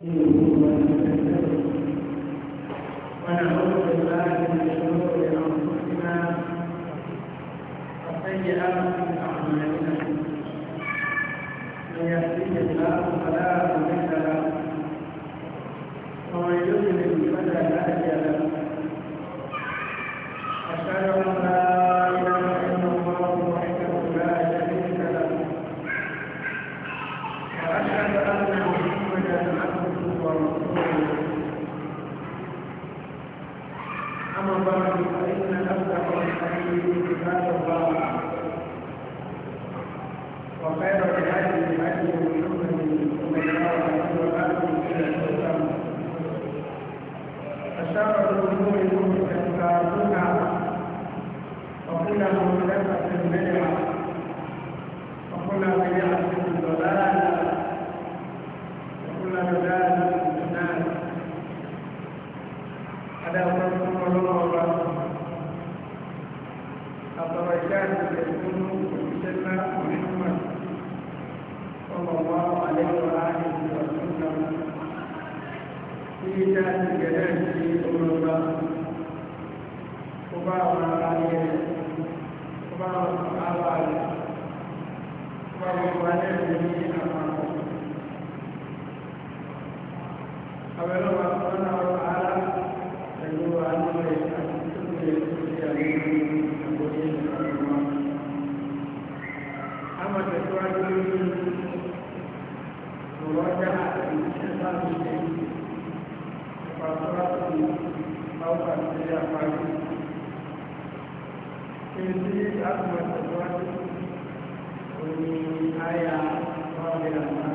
ونعوذ بالله من شرور انفسنا وسيئات اعمالنا Obrigado. káwọn àti àpárí èyí tí a ti máa tẹ̀síwájú òní àyà wàhálà àmà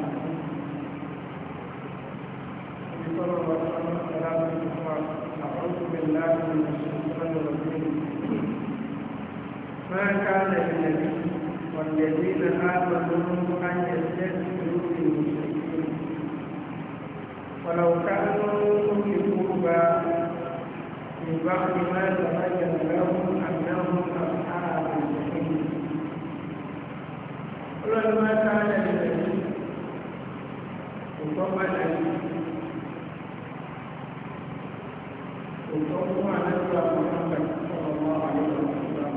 ìfọwọ́ wọn sọ́nà ìfọwọ́ àwọn òṣèlú láti ìṣòro ìṣòro ما كان للنبي والذين آمنوا أن يستغفروا للمشركين ولو كانوا من بعد ما تبين لهم أنهم أصحاب الجحيم قل ما كان لنبي وطبعا وطبعا نبي محمد صلى الله عليه وسلم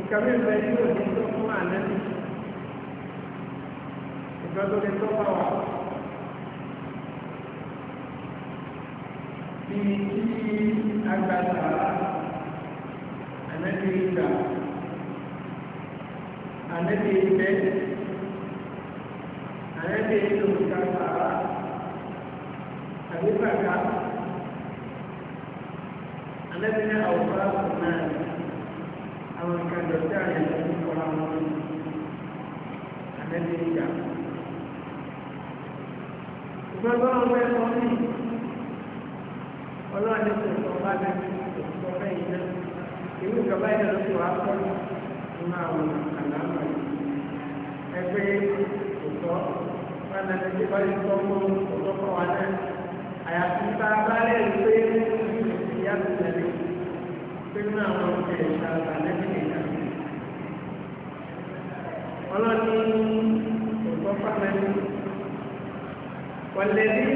ìkàwé ìbẹ̀rẹ̀ yóò di tó fún àná ìgbàlódé tó bá wà. bí kí agbára ànẹ́bí ìgbà ànẹ́bí ìgbẹ́ ànẹ́bí ìlòkàtà àbíkàkà ànẹ́bí ní àwòrán náà àwọn ìkàjọ̀ tí a yẹ̀ lọ́wọ́ kọ́ra wọn ànẹ́bí ìgbà. Ìgbàgbọ́n ọgbẹ́ sọ ní ọlọ́run ní kò sọ bá bẹ́ẹ̀ ní kò sọ bẹ́ẹ̀ yìí náà ìlú ìjọba yìí ló ti wá pọ̀ nínú àwọn àlámà ẹgbẹ́ òtọ́ wọn ti bá yìí sọ fún òtọ́kọ̀ wa náà àyàfi bá a bá lẹ́yìn pé ìyá tó lẹ́yìn pé nínú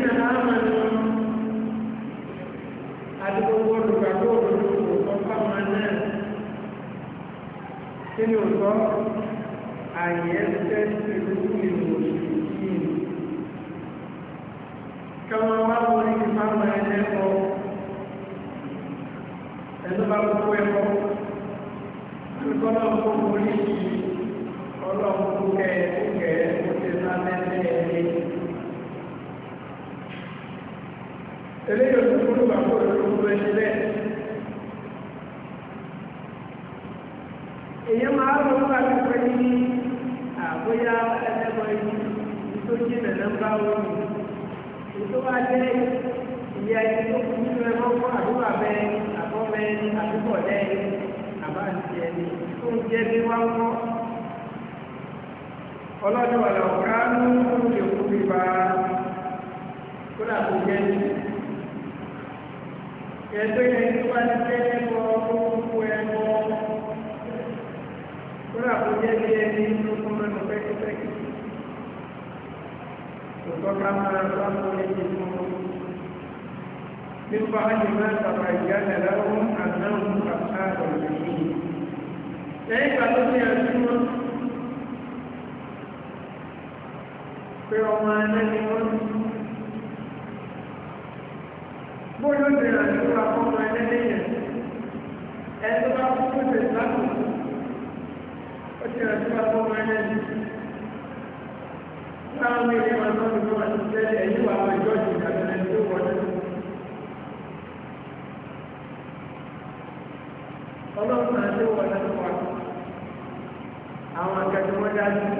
àwọn àti gbogbo olùgbàgbọ́ òdodo òótọ́ fáwọn náà kí ni òótọ́ àyè ẹsẹ̀ ìlú ìlú òṣìṣì kí wọ́n wá wọlé ní fáwọn ẹ̀dẹ́ kọ́ ẹ̀dọ́ bá gbogbo ẹ̀kọ́ kíkọ́ náà kó wọlé yìí ọlọ́run kẹ́ ẹ̀kẹ́ ó ti sá eléyìí ò tún fún ìgbàgbọ́ òṣèlú tó ṣe bẹ́ẹ̀. èèyàn máa ń lọ́wọ́ àti pẹ́ ní àbóyá ẹlẹ́mọ yìí tó jí nàná bá wọn yìí tó bá jẹ́ ìyá ẹni tó kú nínú ẹ mọ́ fún àdúgbò abẹ́ àbọ̀mẹ́ àdúgbò lẹ́yìn àbáǹtì ẹni tó ń jẹ́ bí wọ́n mọ́ ọlọ́dún ọ̀làwọ̀ ká ló ń kú kó dà kó ẹgbẹ́ ẹni tó bá ti fẹ́ ẹ̀kọ́ orúkú ẹ̀kọ́ kódà kó jẹ́ bí ẹni tó kọ́ mẹ́nu pẹ́kípẹ́kí kò tọ́ka máa bá mọ́ ẹni tó mọ́ nípa ẹni máa tàbá ìyá ẹ̀rọ àdáhùn bàbá pé ọmọ ẹni wọ́n ti bó ló lè rà ní wà fún ọmọ ẹlẹ́dẹ́ yẹn ẹni tó bá kú fún ìfẹ́ lápò ó ti rà sí wà fún ọmọ ẹlẹ́dẹ́ táwọn ilé wọn náà ló wà ní tẹ́lẹ̀ ẹ̀yìn wà àwọn ìjọ ìjọ ìjàgbẹ́lẹ́ tó wọlé. ọlọ́run náà ló wọlé wọn àwọn akẹ́kọ̀ọ́ wọn dájú.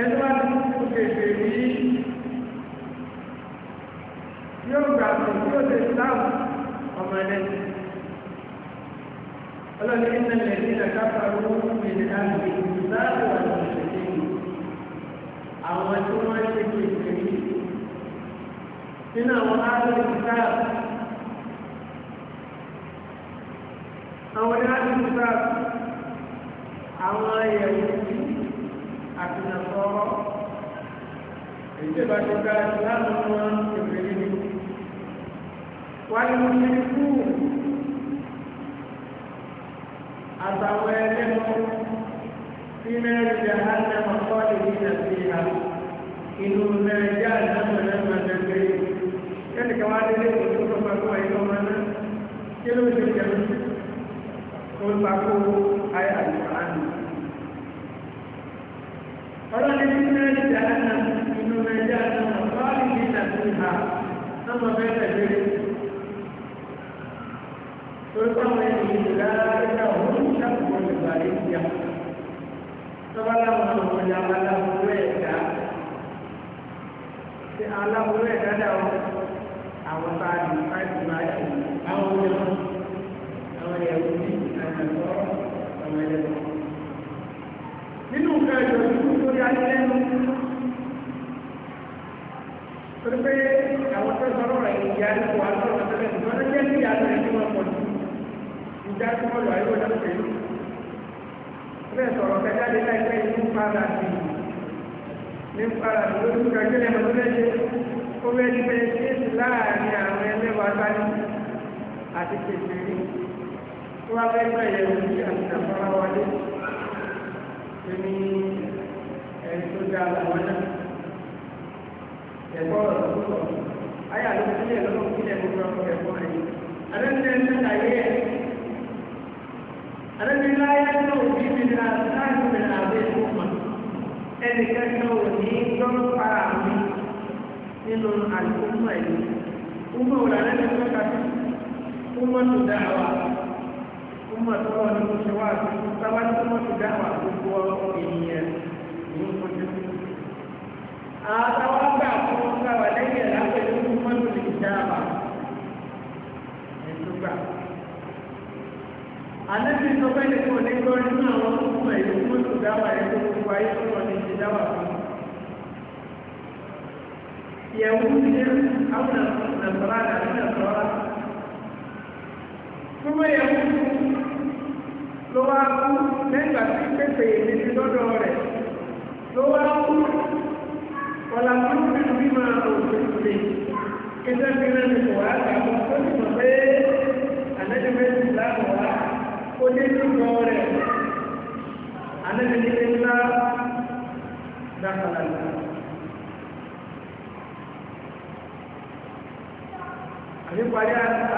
ẹni wá ní òkèèfè ní yóò gbà pé tí ó lè sáwọn ọmọ ẹni ọlọ́ni iná lè ní ìdàgbàsá owó ìrìn àgbè ìdáàbò àwọn ìṣẹ̀lẹ̀ yìí àwọn tí wọ́n ṣe kéèké yìí nínú àwọn àti nàṣọ́rọ́ èyí tí ìbáṣe gba ìsìláàmù wọn ìrèlè ni wọ́n ní wọ́n ti kú àtàwọn ẹlẹ́mọ́ sí mẹ́rin jahanna ọ̀pọ̀ ìdí nàbí ha inú nàìjíríà náà nàìjíríà nàìjíríà kẹ́ni kan wá délé ìwòsàn tó máa fún ẹ̀yìn ọmọ náà kí ló ń ṣe jẹun tó ń takò ayé àyíká ọlọ́ni tí náà ní ìdáná inú nàìjíríà náà ọ̀pá ìdí ìdàgbé ha náà mọ̀ bẹ́ẹ̀ tẹ̀lé torí báwọn ènìyàn ìlà ìlà òun ń ṣàkóso ìgbà ìdíyà tọ́ba láwọn ọmọ ìyá aláwọ̀ ẹ̀dá ti aláwọ̀ ẹ̀dá dáwọ́ àwọn bá a di five five àwọn ọmọ àwọn ẹ̀wọ̀n ní ìlànà ìgbọ́ àwọn ẹ̀dá nínú nǹkan ìjọba yà ní lẹ́nu torí pé àwọn tó sọ̀rọ̀ rẹ̀ ìyá ní kò wọ́n sọ̀rọ̀ tẹ́lẹ̀ ìjọ tó jẹ́ níyà rẹ̀ ní wọn pọ̀ jù ìjà tó wọ́n lọ ayé wọn pẹ̀lú bẹ́ẹ̀ sọ̀rọ̀ kẹjá lé láìpẹ́ yìí ní padà sí ní padà sí lórí ìgbàgbé lẹ́nu tó lẹ́yẹ ó fẹ́ ní pé kéèsì láàárín àwọn ẹlẹ́wàá sáyé àti kékeré tó wá fẹ́ gbẹ̀yẹ̀ lórí àti àfọwọ́wọlé ní ẹni tó dá àwọn náà ẹ̀kọ́ ọ̀rọ̀ tó sọ ayé àlọ́ sílẹ̀ lọ́wọ́ sílẹ̀ gbogbo ọkọ̀ ẹ̀kọ́ rẹ̀ alẹ́nudẹ́ ń tẹ́lẹ̀ ayé ẹ̀ alẹ́nudẹ́ láyé náà òbí mi nà láàrin mi nà àbẹ́ ìlú mà ẹnìkan náà ò ní lọ́rọ́ para mi nínú àlùkò mọ̀ ẹ̀yìn ọmọ òrà lẹ́nu tó kàtó ọmọ tó dá wa ọmọ tó wà ní oṣù wa tó wá ní ọmọ tó dá wa gbogbo ènìyàn àtàwọn àgbà tó ń gbà wà lẹ́yìn ẹ̀rá pẹ̀lú mọ́tò lè dá a bá ètò gbà. àlẹ́bí sọ pé ní kò ní gbọ́ nínú àwọn ọmọ ìlú mọ́tò dáwà ẹ̀ tó kú ayé tó wọ́n ní ti dáwà fún un. ìyẹ̀wò ń ṣe àwọn nàìjíríà àti nàìjíríà. Súnmọ́ ìyẹ̀wò ló wá kú lẹ́gbàá tí pépè èdè lọ́dọ̀ rẹ̀ ló wá kú ọ̀là kúrúkú bí máa òfin lè kíjọ́ bí náà ní kò wá àgbà tó ti mọ̀ pé àlẹ́dẹ̀mẹ́sì láàbọ̀ wá ó dé ní gbọ́ rẹ̀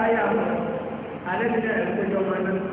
ayé àwọn àlẹ́dẹ̀mẹ́sì ẹ̀rọ tó náà.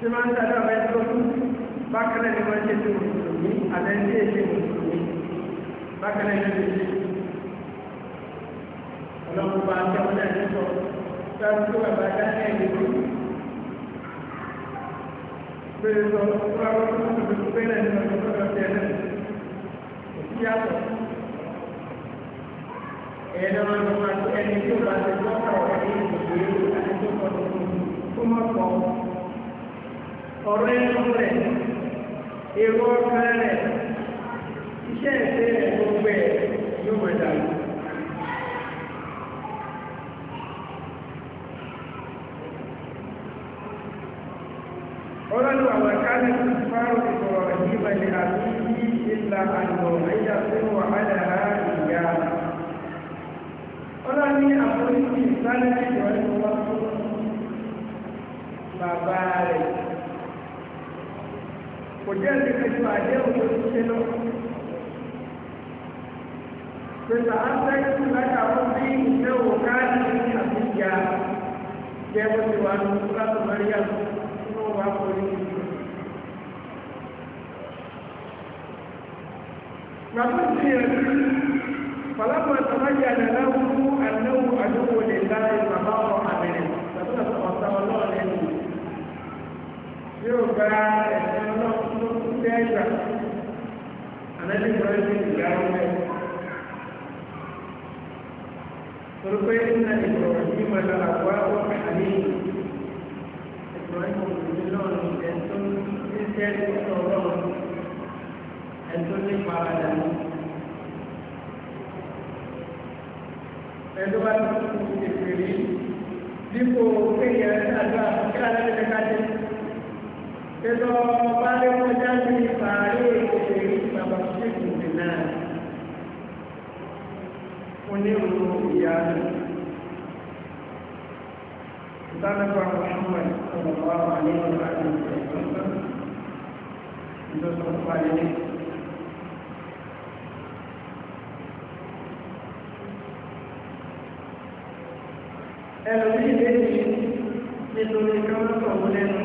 tí máa ń tàbí àwọn ẹgbẹ́ ọdún bákanáà ni wọ́n ṣe tí mùsùlùmí àtẹ́ńtí èṣe mùsùlùmí bákanáà ni wọ́n ṣe ọlọ́run bá jẹun náà ní sọ sáà tó bàbá dáná ẹ̀ lórí bẹ́ẹ̀ sọ fúláwọ́ tó ń bẹ̀rẹ̀ ní ọjọ́ tó lọ sí ẹ̀ náà kò sí yàtọ̀ ẹ̀ẹ́dẹ́ máa ń sọ máa tó ẹni tí ó bá ti gbọ́ ọ̀rọ̀ ẹni ìgbèrú àti tó kọ tuntun tó mọ̀ pọ̀ ọ̀rọ̀ ẹnu rẹ̀ èrò ọkàn rẹ̀ iṣẹ́ ìṣe rẹ̀ gbogbo yóò mọ̀ dàrú. ọlọ́dún àwọn káàdì fáwọn ìfọ̀rọ̀ yìí balẹ̀ àbí ìlà àlọ́ ẹ̀yà ìbálẹ̀ ní ìjọ ẹ̀kọ́ wá fún bàbá rẹ̀ kò jẹ́ ìdíkẹ́jọ àdéhùn tó ti ṣe lọ pẹ̀lú àtẹ́kù láyà ó bí ìṣe wò káàdì ní àbíyá jẹ́ bó ti wà ní ìfúlàtò mẹ́ríà tó wà pẹ̀lú ìjọ. Bàbá sí, pàlápàá tàbí àjàdà náà àdúgbò lè ká ìgbàgbọ́ ọ̀rọ̀ àbẹ̀rẹ̀ tàbí ọ̀sà ọlọ́run lẹ́nu. Yóò gba ẹ̀sẹ̀ ọlọ́run tó kú dẹ́gbà. Àlẹ́lẹ́ ìgbàlẹ́ ti ìgbà ọ̀rẹ́. Torípé nínú ìgbọ̀rọ̀ yìí máa lọ àgbá ọ̀rẹ́ àlẹ́ ìgbọ̀rọ̀ ìgbọ̀rọ̀ náà ní ẹ̀tọ́ ní sẹ́ẹ̀lì ọ̀rọ̀ ẹ̀tọ́ nípa àdàlù. ẹ̀dọ́ bá tún kú ètò rí dípò kéèyàn ṣáàdúrà kí lára lè ká dé ẹ̀dọ́ bá lè kọjá sí ìparí ètò rí bàbá tó ṣe kù sí náà onírúurú ìyá rẹ̀. Ìtànàbà Mùsùlùmí ọ̀rọ̀ wa wà ní ọ̀rọ̀ àti ìṣẹ̀lẹ̀ tó ń sọ. Ìjọsọ̀ fún wa nílé. ẹlòmíì lẹ́yìn nítorí kọ́mọ́tò wọn lẹ́nu.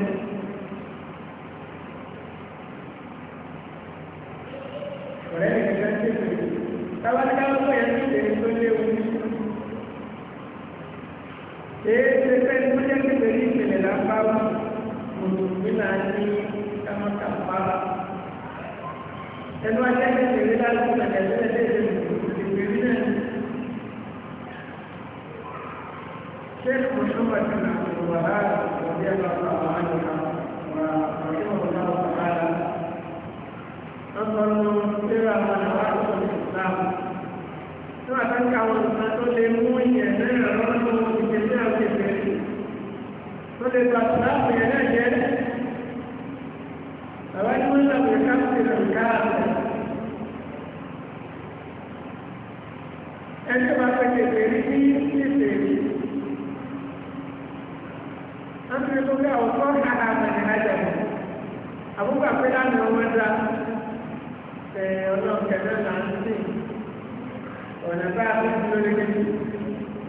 ọ̀rẹ́ mi kẹ́kẹ́ ń tètè kábàtíkáwọ́ tó yẹ kí lèyìn tó léwu. èyí ṣe fẹ́ tó jẹ́ pípẹ́ ní ìpìlẹ̀ lápáwá mùsùlùmí náà ní kọ́mọ́tà pàápàá. ẹnu ajẹ́ kẹ́kẹ́ rí lálùkù nàìjíríà lẹ́yìn tó عقبة بن وهاب رضي الله عنها ورحمه الله تعالى أفضل سيرة وعرف الإسلام tí wọ́n tán káwọn ìgbà tó lè mú ìyẹn náà rọ́nù ìgbésẹ̀ òkèèrè tó lè gbà tó láàpù yẹn náà jẹ́ àwọn ẹni wọ́n lọ́pù ká sí ìrìnká àti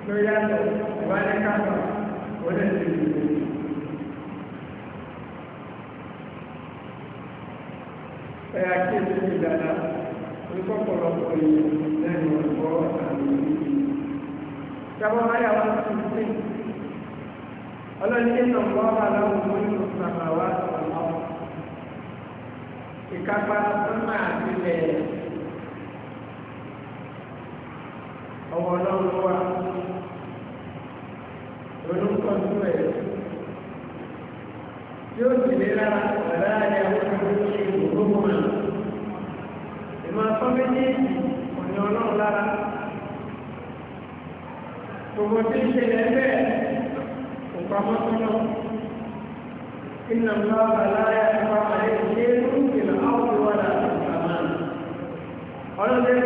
tó yàtọ̀ ìwádìí kàtọ̀ ó lè ṣe ìlú. ẹ akéèsì mi dada orúkọ pọ̀lọpọ̀ yìí lẹ́nu ọgbọ àmì yìí. sábà máyà wá sí sí ọlọ́ni nínú ọgbọ́n bá láwọn ọmọ nínú sàmà wá sọ̀rọ̀ ìkápá sọ́mà àti ilẹ̀ ọwọ́ ọlọ́run wà olùkọ́jú ẹ̀ yóò sì lé lára ọ̀dà ayé àwọn ọmọdé ìgbòho mọ̀ ìmọ̀ afọ́ méjèèjì ọ̀nà ọlọ́run lára gbogbo tí ń ṣẹlẹ̀ bẹ́ẹ̀ kò pamọ́ sọ́nà ìnà ńlá àlàyé àpapọ̀ ọlọ́dẹ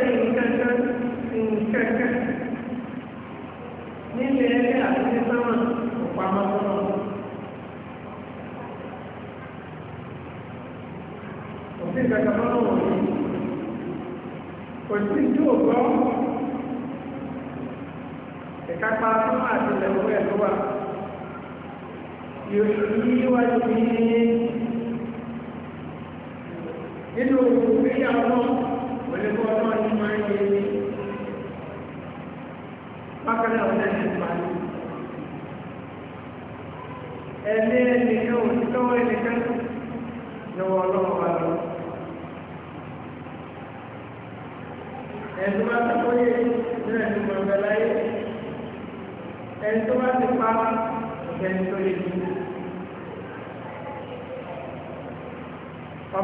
kò sí tí ò gbọ́ ẹ̀ka pa fún àtìlẹ̀ owó ẹ̀ ló wà yìí wá sí nínú ìgbéyàwó náà wọlé bọ́ ọmọ yìí máa ń yé ní pákálẹ̀ ọ̀dẹ́ ní ìpàdé ẹ̀lẹ́ ẹnìkan òṣìṣẹ́ ẹnìkan lọ́wọ́ ọlọ́wọ́.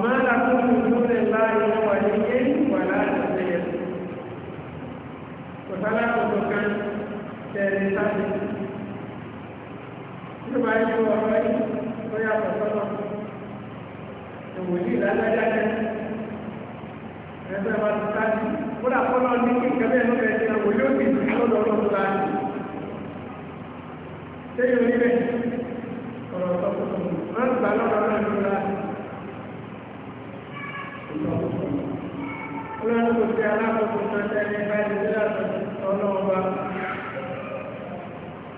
وما لكم من دون الله من ولي ولا نصير وصلاة وكان ثالثا nípa ẹjọ́ ọ̀rọ̀ yìí tó yàtọ̀ sọ́nà ìwòyí ìdájọ́ ẹgbẹ́ bá ti sáájú kódà kọ́nà ní kí ìkẹ́lẹ́ ẹ̀mú rẹ̀ ti àwọn yóò fi lọ́dọ̀ ọlọ́run láàyè. ti alákòókò kan tẹ́lẹ̀ báyìí lórí àtọ̀tọ̀ ọlọ́ọ̀ba.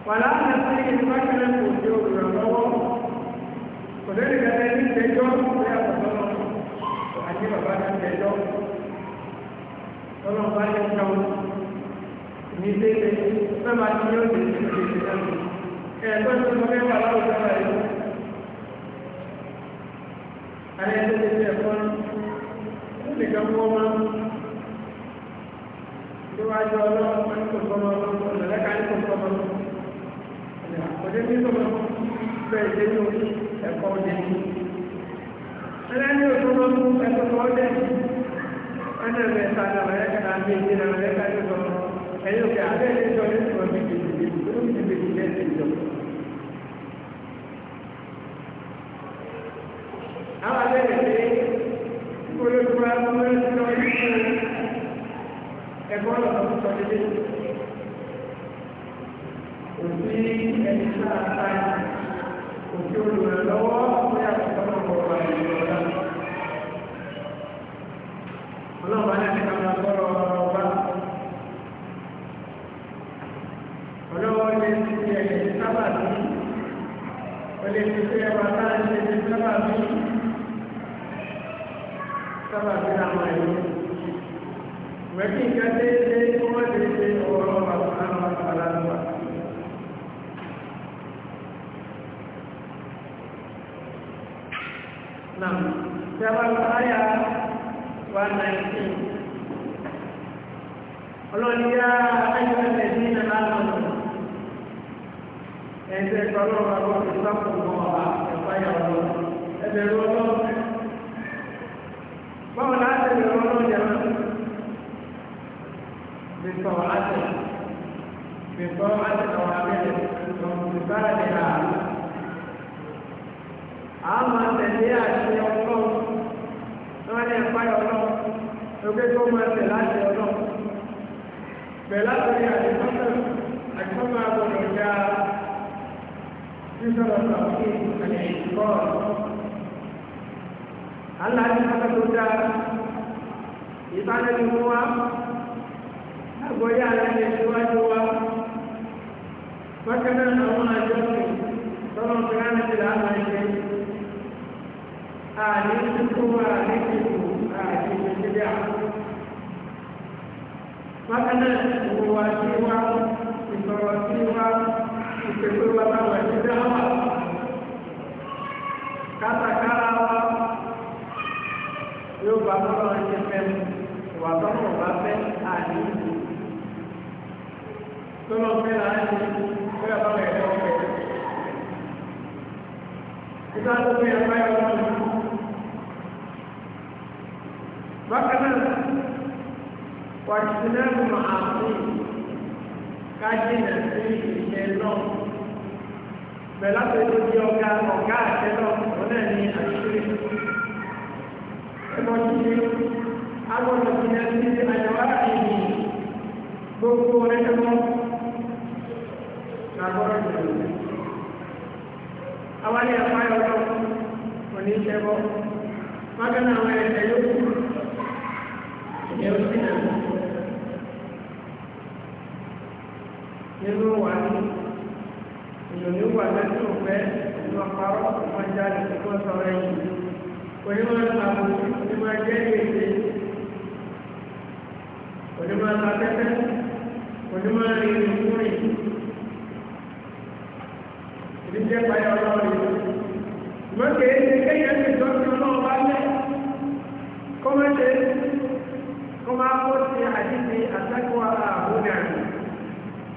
wàhálà àti ìfúnpákẹ́lẹ́ kò di olùrànlọ́wọ́ kò lórí kẹlẹ́ ní ìtẹ́jọ́ lórí àtọ̀tọ̀ náà àti bàbá ní ìtẹ́jọ́ ọlọ́ọ̀ba ní ìtẹ́jọ́ ní ìtẹ́jọ́ sábà ní yóò di ìtẹ́jọ́ ẹ̀ẹ́dọ́ tó ń bẹ́ẹ̀ wà láwùjọ báyìí. alẹ́ tó ti tẹ̀ fọ́n nìkan fún ọmọ níwájú ọlọ́run wọn ní kò sọmọ ọlọ́run ọ̀lẹ́ka ní kò sọmọ ọlọ́run ọ̀dẹ́ ní sọmọ bẹ́ẹ̀ ṣe ní orí ẹ̀kọ́ ọdẹ ní. ẹlẹ́ni òṣùwọ̀n ọdún ẹ̀kọ́ ọdẹ ọ̀nà ẹ̀mẹ́ sàdà ọ̀lẹ́ka ní èdè náà ọ̀lẹ́ka ní sọmọ ẹ̀yìn òkè abẹ́ẹ̀lẹ́ jọ ní sọmọ bíi bèbè bèbè àwọn abẹ́rẹ́ pé kí olóṣùwọ̀n ọdún ẹ̀kọ́ ọdún ẹgbọ́n lọ tó sọ dédé òsì ẹni náà ta òsì olùrànlọ́wọ́ fún yàtọ̀ lọ́wọ́ ẹ̀yìn lọ́la ọlọ́ọ̀bá ní ẹni kan máa gbọ́rọ̀ ọba ọlọ́wọ́ ní ti ti ẹ̀yìn sábà ní wẹ́kí nǹkan déédéé tó wọ́n lè ṣe ọ̀rọ̀ àwọn aláwọ̀ náà tẹ́wàláyà wà náìjíríà ọlọ́niyá ayọ́lẹ̀ ní ìlànà ẹ̀ẹ́dẹ́ ìpàlọ́wọ́ àwọn ìsáfòmọ́ ẹ̀fáyà ọlọ́run ẹ̀bẹ̀rẹ̀ ọlọ́run طاعته من طاعة أوامره وامتثالها أما تنبيه àṣẹ Ọlọ́run náà ní ẹ̀fá Ọlọ́run lókè tó máa tẹ̀ láti Ọlọ́run pẹ̀lú àtúnyẹ àdìsọ́tẹ̀ àdìsọ́tẹ̀ àgbọ̀dọ̀ ya sísọ̀rọ̀ sàmúkì àti ìsìkọ́ aláàdìsọ́tẹ̀ tó dáa ìbánẹ́ni mú wa àgbọ̀yé aláṣẹ síwájú wa bákan náà àwọn àjọsìn tọ́lọ́ fẹ́ràn ti là á máa ṣe àní kíkó àní kíkó àti ìgbésílẹ̀ àwọn. bákan náà ìwòwà sí wa ìsọ̀rọ̀ sí wa ìpèpè wa báwọn ìṣẹ̀lẹ̀ wà kátàkárà wa yóò bá tọ́lọ́ ṣe fẹ́ wà tọ́lọ́ bá fẹ́ àní ìgbésílẹ̀ tọ́lọ́ fẹ́ láàá ní fẹ́ bá bẹ̀rẹ̀ ọ̀fẹ́. Ìgbà tó fẹ́ ẹ̀fá ẹ̀rọ náà. Bákan náà, wà jù lẹ́nu màá fún ká jìnà sí ìyẹn náà. Bẹ̀lá di ọ̀gá ọ̀gá àṣẹ náà, àwọn ilé ẹ̀fọ́ ayọ̀ lọ kò ní ṣe bọ́ mákànnà àwọn ẹ̀ṣẹ̀ yóò kù ìyẹn ó sì náà nínú wà ní ìlòyìn wà lẹ́sìn òfẹ́ ìlú àpárọ̀ ọjà ìdíkọ́ sọ̀rọ̀ yìí onímọ̀ àbò onímọ̀ jẹ́ èdè onímọ̀ àbẹ́fẹ́ onímọ̀ rìn rìn jíjẹ́ payá ọlọ́run ṣùgbọ́n kèé ṣe kéèyàn ti tọ́jú ọlọ́run bá lẹ̀ kó má ṣe kó má kó sí àdídì àtàkùn ara àbúnà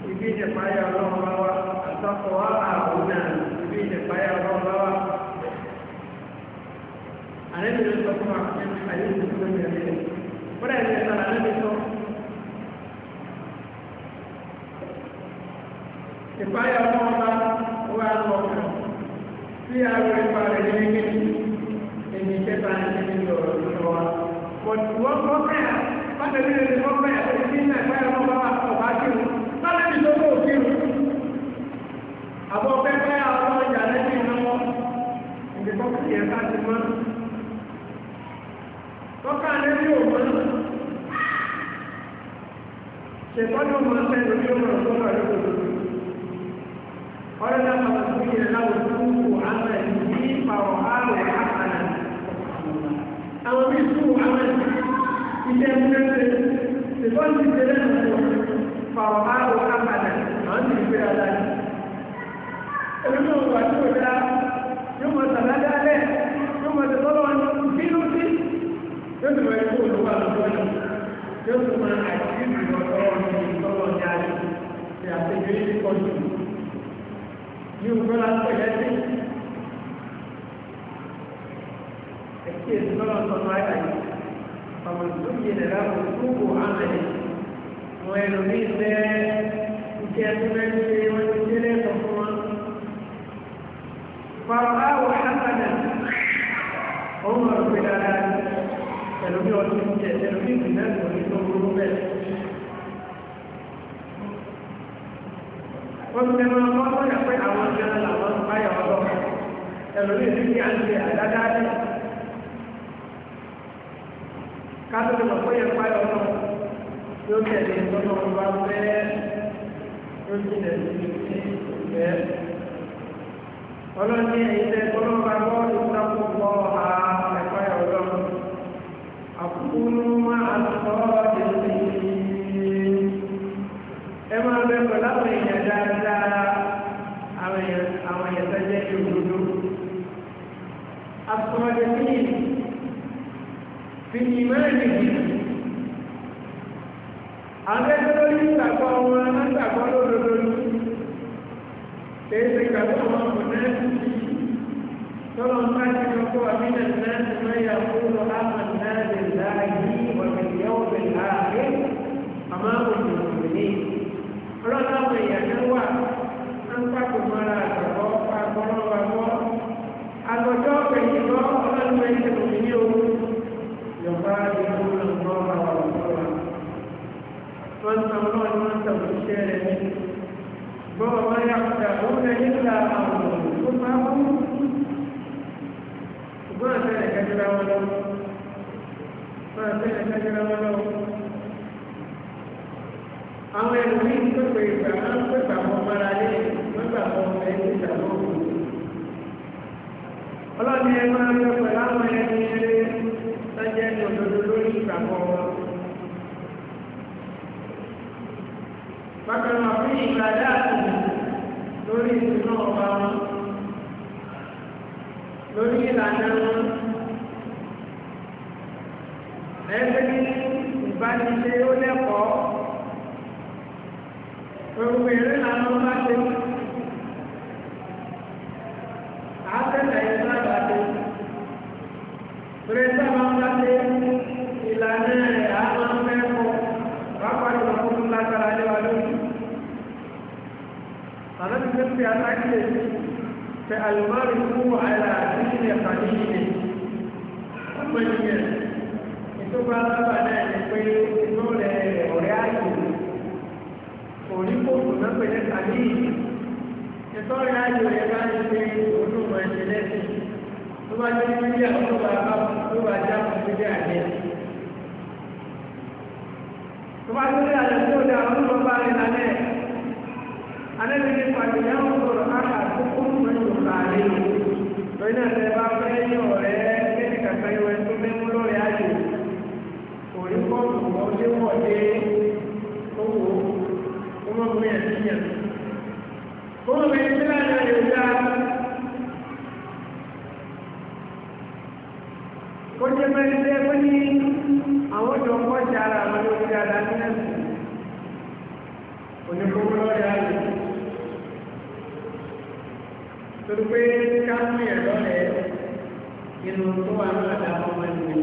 ìbí ìjẹ́ payá ọlọ́run bá wá àtàkùn ara àbúnà ìbí ìjẹ́ payá ọlọ́run bá wá. àlẹ́ mi ló sọ fún wa àyè ìdúró ní ẹ̀rẹ́ tí a rẹ̀ nípa rẹ̀ ní ní ẹni kẹta ní ní ọ̀rọ̀ lọ́wọ́ wa pọ̀jù wọ́n kọ́ mẹ́à pátẹ̀ ní ẹni kọ́ mẹ́à tó ti ní ẹ̀fẹ́ ọmọ bá wà ọ̀bá kírun pátẹ̀ ní tó kó kírun àbọ̀ pẹ́pẹ́ àwọn ọjà lẹ́sìn ìnáwó ìdí kọ́kì ẹ̀ bá ti mọ́ kọ́kà lẹ́sìn òmọ́ ṣètọ́jú ọmọ ọ̀sẹ̀ lórí ọmọ ọ̀sọ́kà lórí òdòdó قال لما سئل له سوء عمله فرآه حسنا أو من سوء عمله إذا كنت تظن السلام فرآه حسنا عندي في ذلك ẹgbẹ́ òun wà tí ó dá yóò mọ̀ sàlájá alẹ́ yóò mọ̀ tẹ̀sọ́lọ́ wọn bí ní ògbọ́n la ń pè lẹ́sìn ẹ̀kí èsì lọ́nà sọ̀tọ̀ ayé àyè ọmọ ìlú yìí lè rà wọ́n tó kò àmẹ́ wọn ẹlòmíì fẹ́ iṣẹ́ tó bẹ́ẹ̀ ṣe wọ́n ti ṣe lẹ́sọ̀ fún wọn. Fàbá wà hàkàdà òun ọ̀rọ̀ pé dáadáa ẹlòmíì ọtí ń jẹ ìgbìmọ̀ ẹ̀sìn òní tó bẹ́ẹ̀. ó ti tẹnu ọmọ ọlọ́yà pé àwọn ọjọ́ làwọn báyà ọlọ́ ẹlòmí ìdí ní àti àdádáadé kátó ti mọ̀ pé yẹn báyà ọlọ́ yóò tẹ̀lé tọ́nà ọba bẹ́ẹ̀ yóò ti tẹ̀lé sí ìfẹ́ ọlọ́ni ẹ̀yìn tẹ́ tọ́nà ọba bọ́ ìtàkùn pọ̀ ha ẹ̀fọ́ ẹ̀ ọlọ́run àkúkú ẹ máa bẹ pẹ̀lú àwọn èèyàn dáadáa àwọn èèyàn tó jẹ́ ìròdó asọ́mọdé fíyì fíyì mẹ́rin nìyí àwọn ẹgbẹ́ lórí ìgbàgbọ́ wọn látàgbọ́ lódodo ní èsì ìgbàgbọ́ wọn kò náà sí tọ́lọ́ ń bá ti lọ kó àmínà náà ti máa yà fún lọ àmà náà lè láàyè ọ̀gbìn yẹ́wọ̀ bẹ̀rẹ̀ àárẹ̀ àmọ́ àwọn ènìyàn ọlọ́láwọn èèyàn náà wà ń pàkó mọ́ra àgbàgbọ́ pàkó mọ́ra wọ́ àgbọ̀jọ́ pẹ̀lú ọlọ́run ẹ̀jẹ̀ òmìnir owó yọ̀bá ìlú ọ̀gbọ́n wà wà wà wọ́n sọ ọlọ́run wọn sọ òṣìṣẹ́ rẹ̀ ní gbọ́dọ̀ wọ́n yà kúta òun náà nígbà àwọn òkú máa àwọn ẹlòmí pépè ìgbà máa ń pépè àwọn ọmọ ara lé mọ́gbà àwọn ọmọ ẹgbẹ́ ìgbàgbọ́ òkú. ọlọ́ni ẹ máa ń pépè láwọn ẹni eré sájẹ́ ní òdodo lórí ìgbàgbọ́ wọn. bákan náà fún ìgbà dáàbò lórí ìṣúná ọba wọn lórí ìlànà wọn ẹgbẹ́ ní ìbánisẹ́ ó lẹ́kọ̀ọ́. gbogbo ìrìn àwọn bá ṣe àtẹ̀lẹ̀ ìsáàbà ṣe torí sábà ń bá ṣe ìlànà rẹ̀ àwọn mẹ́kọ̀ọ́ pápá ìwọ̀n tó lágbára lé wa lórí àwọn ti fi ń fi àtàkìlẹ̀ fi àlùmọ́rì fún àìlà ìṣẹ̀lẹ̀ pàdé ìṣẹ̀lẹ̀ ọmọ ìyẹn ìtọ́gbà sábà náà ní pé lọ́pẹ̀ ní kàlí ẹ̀tọ́ rẹ̀ ayò ẹ̀ bá ń ṣe olóòwò ẹ̀ṣẹ̀ lẹ́sìn tó bá jẹ́ níbi àwọn ọba tó bá já fún síbi àjẹ́ tó bá tó dé àjẹ́ tó dé àwọn ọba rẹ̀ lálẹ́ alẹ́bí ní pàdé yàwó sọ̀rọ̀ àkà tó kó fún ẹ̀ṣọ̀ kàlẹ́ lórí náà tẹ́ bá fẹ́ yọ̀ rẹ̀ kéde kàkà yọ tó mẹ́mú lórí ayò òrí kọ́ọ̀tù ọdẹ wọ̀dẹ tó gbogbo yẹn ti yẹn kó o bẹ tí láti rẹ yóò dá kó jẹ mẹ́rin tẹ kó ní àwọn jọ ń kọjá ara àwọn yóò dá dá ní ẹsùn òní gbogbo lọ yà lò torí pé káfí ẹ̀ lọ́rẹ̀ẹ́ inú tó wà ní àdàmọ́ ọmọ ènìyàn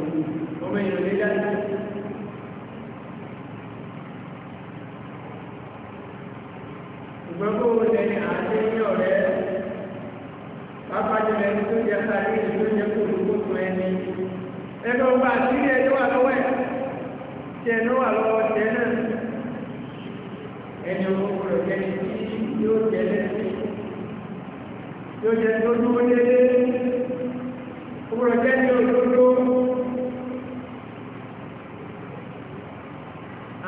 ọmọ ènìyàn lè jáde. lẹ́yìn àti ní ọ̀rẹ́ pápájọ ẹni tó jẹ sáré èyí tó jẹ kó olùkóso ẹni ẹni ọgbà àti ẹni wà lọ́wọ́ ẹ̀ tí ẹni wà lọ́wọ́ tẹ náà ẹni ọgbà rẹ̀ ẹni tí yóò jẹ lẹ́sìn yóò jẹ tó dúró déédéé ọgbà rẹ̀ ẹni òdodo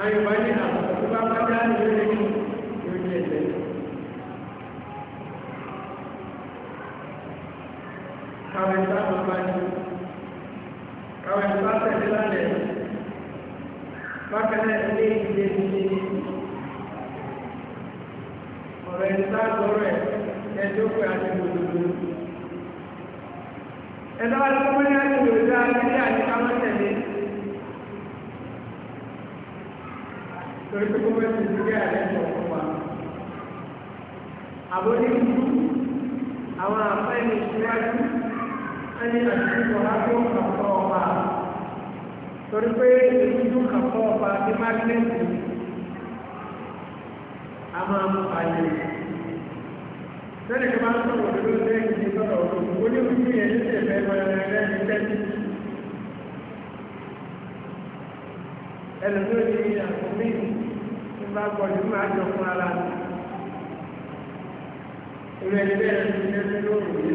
àyùbá ló pè àti gbòdòdó ẹ̀dọ́ wa lọ́kọ́ mọ́ni àti gbòdòdó àti àti káwọn tẹ̀lé torí pé kó mẹ́rin ti gbé àlẹ́ pọ̀ fún wa àbóní ìlú àwọn àfẹ́ni ìṣíwájú ẹni àti ìkọ̀lá lẹ́yìn tó bá ń sọ̀rọ̀ lórí lẹ́yìn tí sọ̀rọ̀ ó ní kú sí ẹni tẹ̀ fẹ́ mọ lẹ́yìn tẹ́tí. ẹnu tó ní àkómí tó bá gbọ́ ní máa jọ fún ara ìlú ẹni bẹ́ẹ̀ ti ní ẹni lóòrùn yìí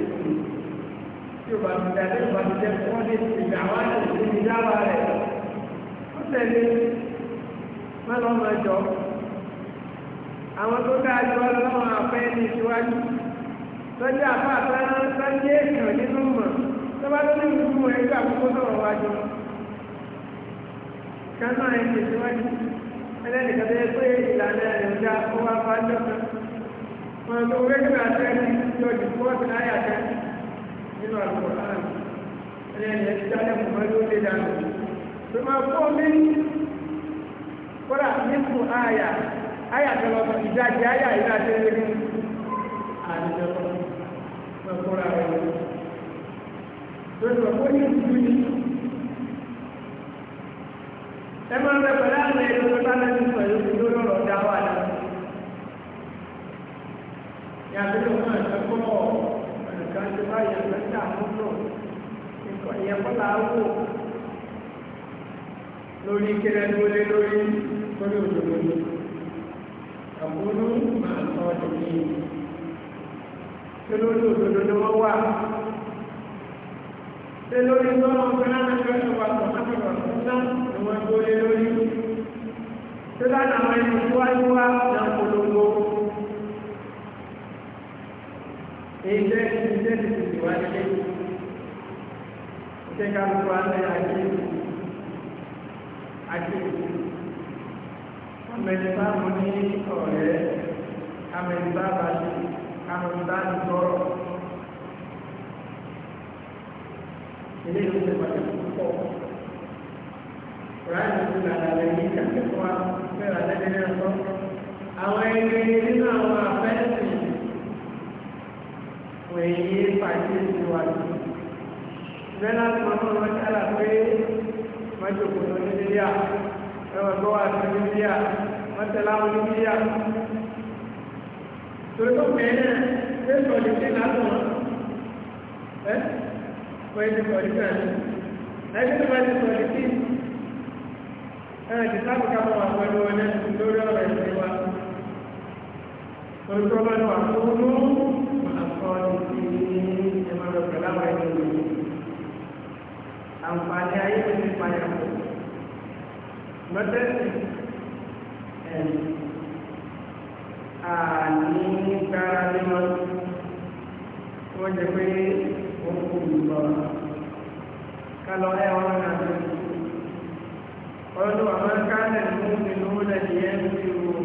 tí o bá ti dá lẹ́yìn bá ti jẹ́ fún wọn ní ìgbà wá ní ìdí dáwà rẹ̀ ó tẹ̀lé má lọ́ máa àwọn tó dáa lọ́wọ́ àpẹ́ ní lọ́jọ́ àbá àtàrà sáyé èèyàn nínú mọ̀ tó bá tó ní ìlú ẹgbẹ́ àkókò sọ̀rọ̀ wájú kánà ẹ̀ tẹ̀síwájú ẹlẹ́nìkan tó yẹ pé ìlànà ẹ̀rọ̀dá ó wá bá jọ kan wọn tó wẹ́gbẹ́ àtẹ́ni yọ jù fọ́ọ̀tì láyà kan nínú àgbọ̀ láàrín ẹlẹ́ni ẹ̀ ti dálẹ̀ mọ̀ ló lé dànù tó máa fọ́ mi kódà nípò àyà àyà tó lọ sọ ìdájì àyà ìdájì ẹ̀rọ àdìjọ́ kan fúnra rẹ̀ lórí ọ̀pọ̀ ní ìlú ni ẹ máa bẹ pẹ̀lú àwọn ẹ̀rọ tó bá lẹ́nu sọ yóò fi lórí ọ̀rọ̀ dá wà ní. yàtọ̀ ní ọmọ ẹ̀ka kọ́ ẹ̀ka tó bá yẹ ẹ̀ka tí a mú lò nǹkan ìyẹn kọ́ là á wò lórí kẹrẹ ní olé lórí lórí òdòdó àbúrò máa tọ́ ọdún yìí ṣe lórí òdodo ló wọ́n wà ṣe lórí sọ́nà ọ̀gbẹ́lá mẹ́fẹ́ ló wà sọ̀tà pẹ̀lú ọ̀sán ni wọ́n tó lé lórí ṣe lánàá àwọn ẹni wáyé wá náà polongo èyí jẹ́ ìṣẹ́ ti ti wá nílé ṣe ká ló wá lẹ́yìn àti àti àmẹ́ni bá mo ní ọ̀rẹ́ àmẹ́ni bá bá ti káwọn ìbáni tọrọ ilé ìlú ti pàtàkì púpọ̀ ráàlì tó gbàgbà lẹ́yìn ìdàkẹ́kọ̀ọ́ wa fẹ́ràn lẹ́gbẹ̀rẹ́ ọ̀tọ́ àwọn ẹgbẹ́ nínú àwọn afẹ́sìn wẹ̀yẹ pàṣẹ ìwádìí bẹ́ẹ̀ni àwọn ọmọ ìṣẹ́lá pé májòkòtò ní bíbíà ẹ̀wọ̀n tó wà sí bíbíà mọ́tẹ́láwọ̀ ní bíbíà tòótọ́ mẹ́rin ṣé sọ̀lì sí lásán ẹ́ wọ́n ti sọ̀lì sí àná ẹgbẹ́ tó bá ti sọ̀lì sí ẹ̀ ti sábà ká mọ́ àpẹẹrẹ wọn náà lórí ọ̀rọ̀ ẹ̀sìn wa tòótọ́ bá lọ àkóónú àkọọ́lù sí ẹ̀mọ́dọ̀ pẹ̀lú àwọn ẹ̀sìn wọn àǹfààní ayé ti àní kára mímọ́ wọ́n jẹ pé wọ́n kò lùbọ̀ kálọ̀ ẹ̀ wọ́n náà tó ọlọ́dún àwọn káàlẹ̀ mú mi lóòlẹ̀ yẹn ti rò jùlọ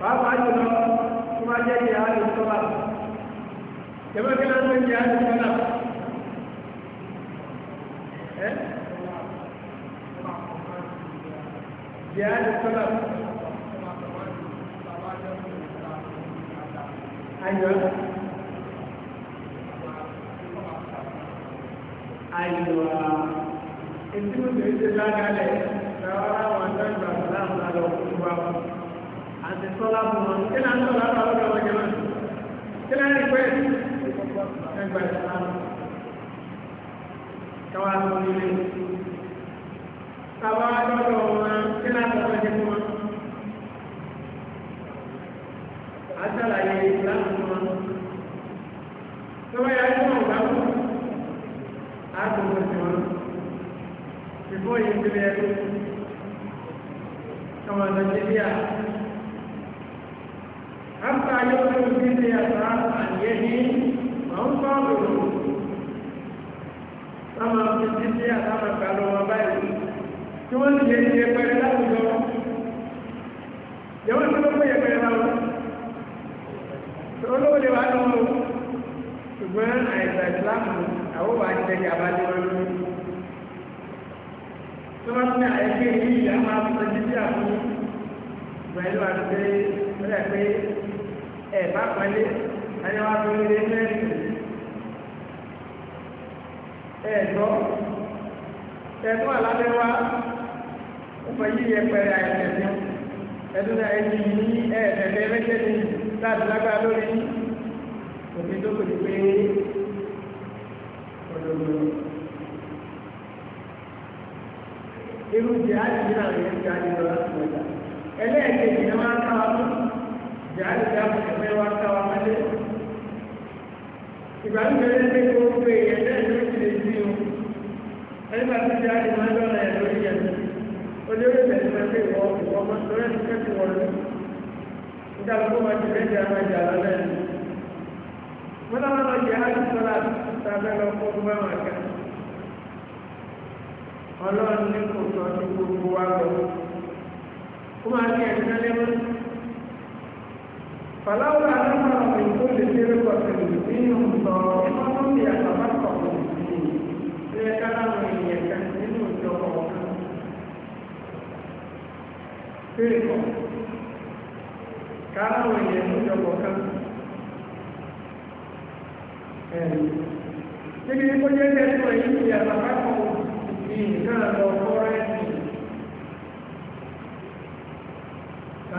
tó bá jẹ́ ìyá àlùfọ́à jẹ́mọ́ kí lọ́nà ń jẹ́ àti sọ́nà ẹ́ jẹ́ àti sọ́nà ayọ̀ ayọ̀ ètí mo tẹ̀lé ti lágàlẹ̀ lọ́wọ́ àwọn ọ̀dọ́ ìgbà láàmú lálọ́ òkú wa àti sọ́lá mu wọn kí náà sọ́lá bá lọ́wọ́ gba ìsìlámù káwá tó nílé táwa lọ́dọ̀ wọn kí náà tó tọ́jú fún wọn á sàlàyé ìsìlámù fún wọn tọ́wọ́ yà á tún ọ̀gá fún á tó tọ́jú fún wọn ìfọ̀ yìí ti lé ẹ̀rú kama Nigeria hata yóò tó ti di àtàrà àyẹ̀yìn àwọn fáwọn òun táwọn fi títí àtàwọn ìgbà lọ wọn báyìí tí wọ́n ti yẹ ìyẹn pẹ̀lú láwùjọ yẹ̀wọ́n tí wọ́n pẹ̀yẹ pẹ̀lú láwùjọ olówó lè wá lọ́wọ́ ṣùgbọ́n àìsàn ìsìláàmù àwọn wà ń tẹ̀lé àbájọ wọn lórí tí wọ́n ní àìsàn yìí yà máa fi títí àfún pẹ̀lú àti pé ẹ̀ bá pẹ̀lú ẹni wá tó lé mẹ́rin ẹ̀dọ́ ẹ̀dọ́ alábẹ́wá ọ̀pọ̀ yìí yẹ pẹ̀lẹ́ àìsẹ̀dẹ́ ẹ̀dọ́ náà ẹni ní ẹ̀ẹ̀dẹ̀dẹ̀ ẹlẹ́jẹ̀ ní láti lágbára lórí òfin tó kò ní pé òdòdó irú jẹ́ àdìyí náà yẹn ti àdìyí lọ láti lọ́jà ẹlẹ́ẹ̀kejì ni wọ́n á ká wa mú jẹ́ àdìyí àwọn ẹgbẹ́ wa ká wa mọ́lẹ̀ ìgbàlúwẹ̀ẹ́ lé gbogbo èèyàn lẹ́nu ẹgbà tó ti àti máa lọ́nà ẹ̀ lórí ẹ̀ olórí ìbẹ̀ tó máa pé ìwọ ọmọ lórí ẹ̀ tó ti wọlé nígbà tó máa ti rẹ̀ jẹ́ àwọn ìjà lọ́nà ẹ̀ wọ́n náà lọ jẹ́ àti sọ́lá tó abẹ́ lọ fún ọdún mẹ́wàá kẹ́ ọlọ́run ní kò sọ ní gbogbo wa lọ kó máa ní ẹ̀sìn lẹ́mú fàlàwọ́ àdámọ̀ àwọn ìkólè kéré pọ̀ sí nínú sọ̀rọ̀ ọmọ tó ti àtàwọn kọ̀ọ̀kan sí ẹ̀ka láwọn fèèkọ̀ káàwọn èèyàn ní ìjọpọ̀ kan ẹ̀rù níbi ó jẹ́ tẹ́sùn èyí ti àtàkàkọ̀ ní nǹkan lọ fọ́rọ̀ ẹ̀sìn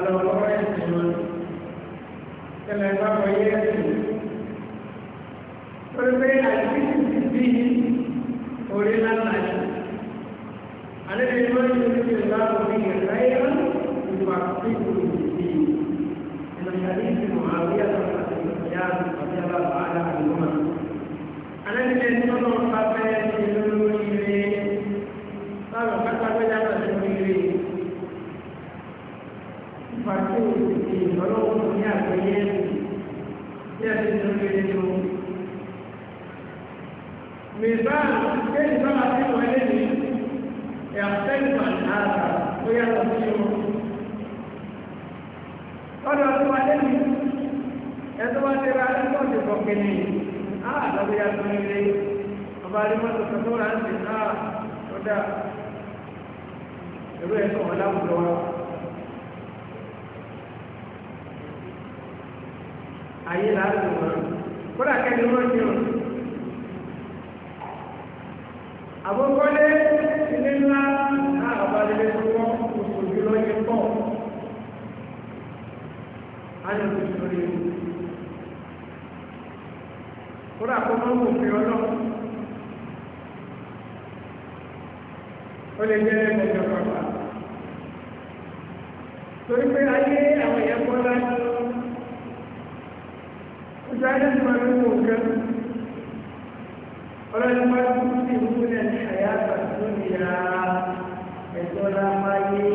lọ fọ́rọ̀ ẹ̀sìn wọn tẹ́lẹ̀ ìgbàgbọ́ yé ẹ̀sìn lórí pé àìsí ti bí orí lánàá yìí alẹ́ ìgbàgbọ́ yé ẹ̀sìn lọ́wọ́ bí ẹ̀ka yẹ́ يعطيه المسلمين من حديث معاوية بن أبي سفيان رضي الله تعالى عنهما أن النبي صلى الله عليه وسلم قال فقد وجد المسلمين فأتوا المسلمين ولو يا سيدي يا سيدي ميزان كيف تبعث إليه يختلف عن هذا ويختلف ọdọ tó wá lẹ́nu ẹ̀tọ́ wá tẹ́ra lẹ́kọ̀ọ́ ti bọ̀ kẹ́lẹ́ àádọ́gbé ya tó nílé ọba arímọ́tò tó rà ń sì náà tó dà ẹ̀rọ ẹ̀kọ́ wọn láwùjọ wa. ayé láti wọn kódà kẹ́ni wọ́n ti rùn àbúkọ́lé lè wò kódà kó máa ń wò pé ọlọ́run ó lè jẹ́ ẹgbẹ̀jọ pàpà torí pé ayé àwọn èèyàn kọ́ láti ojú ayé ti máa ń wò nǹkan ọlọ́run máa kú sí ìlú náà ní àyà àgbàdo nìyà ẹ̀tọ́ lápá yé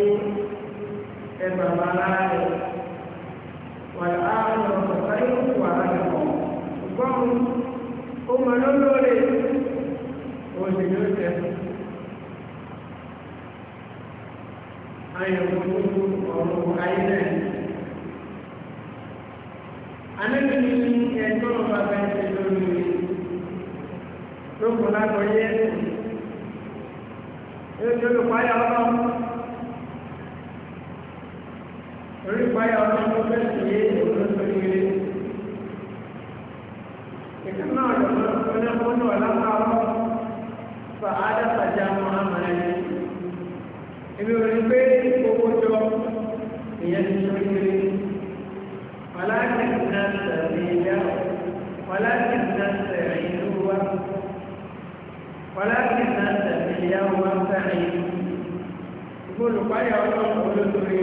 ẹ̀ bàbá rẹ̀ wà á lọ ṣùgbọ́n ó mọ lólóore òṣè ló jẹ ayọ̀wò ọ̀rọ̀ ayé náà anábì ní ẹjọ́ ọba bẹ́ẹ̀ ṣe lórí lókun lágbọ̀ọ́yé ẹjọ́ olùpáyà ọlọ́run orí ìpáyà ọlọ́run tó bẹ́ẹ̀ ibi wòle pé owó jọ ìyẹn ti sọ ìgbèrè wàláàkì nà sẹ̀rẹ̀ ìyá wàláàkì nà sẹ̀rẹ̀ ìlú wa wàláàkì nà sẹ̀rẹ̀ ìyá wa sẹ̀rẹ̀ ìlú olùpáyà ọlọ́run olódòrè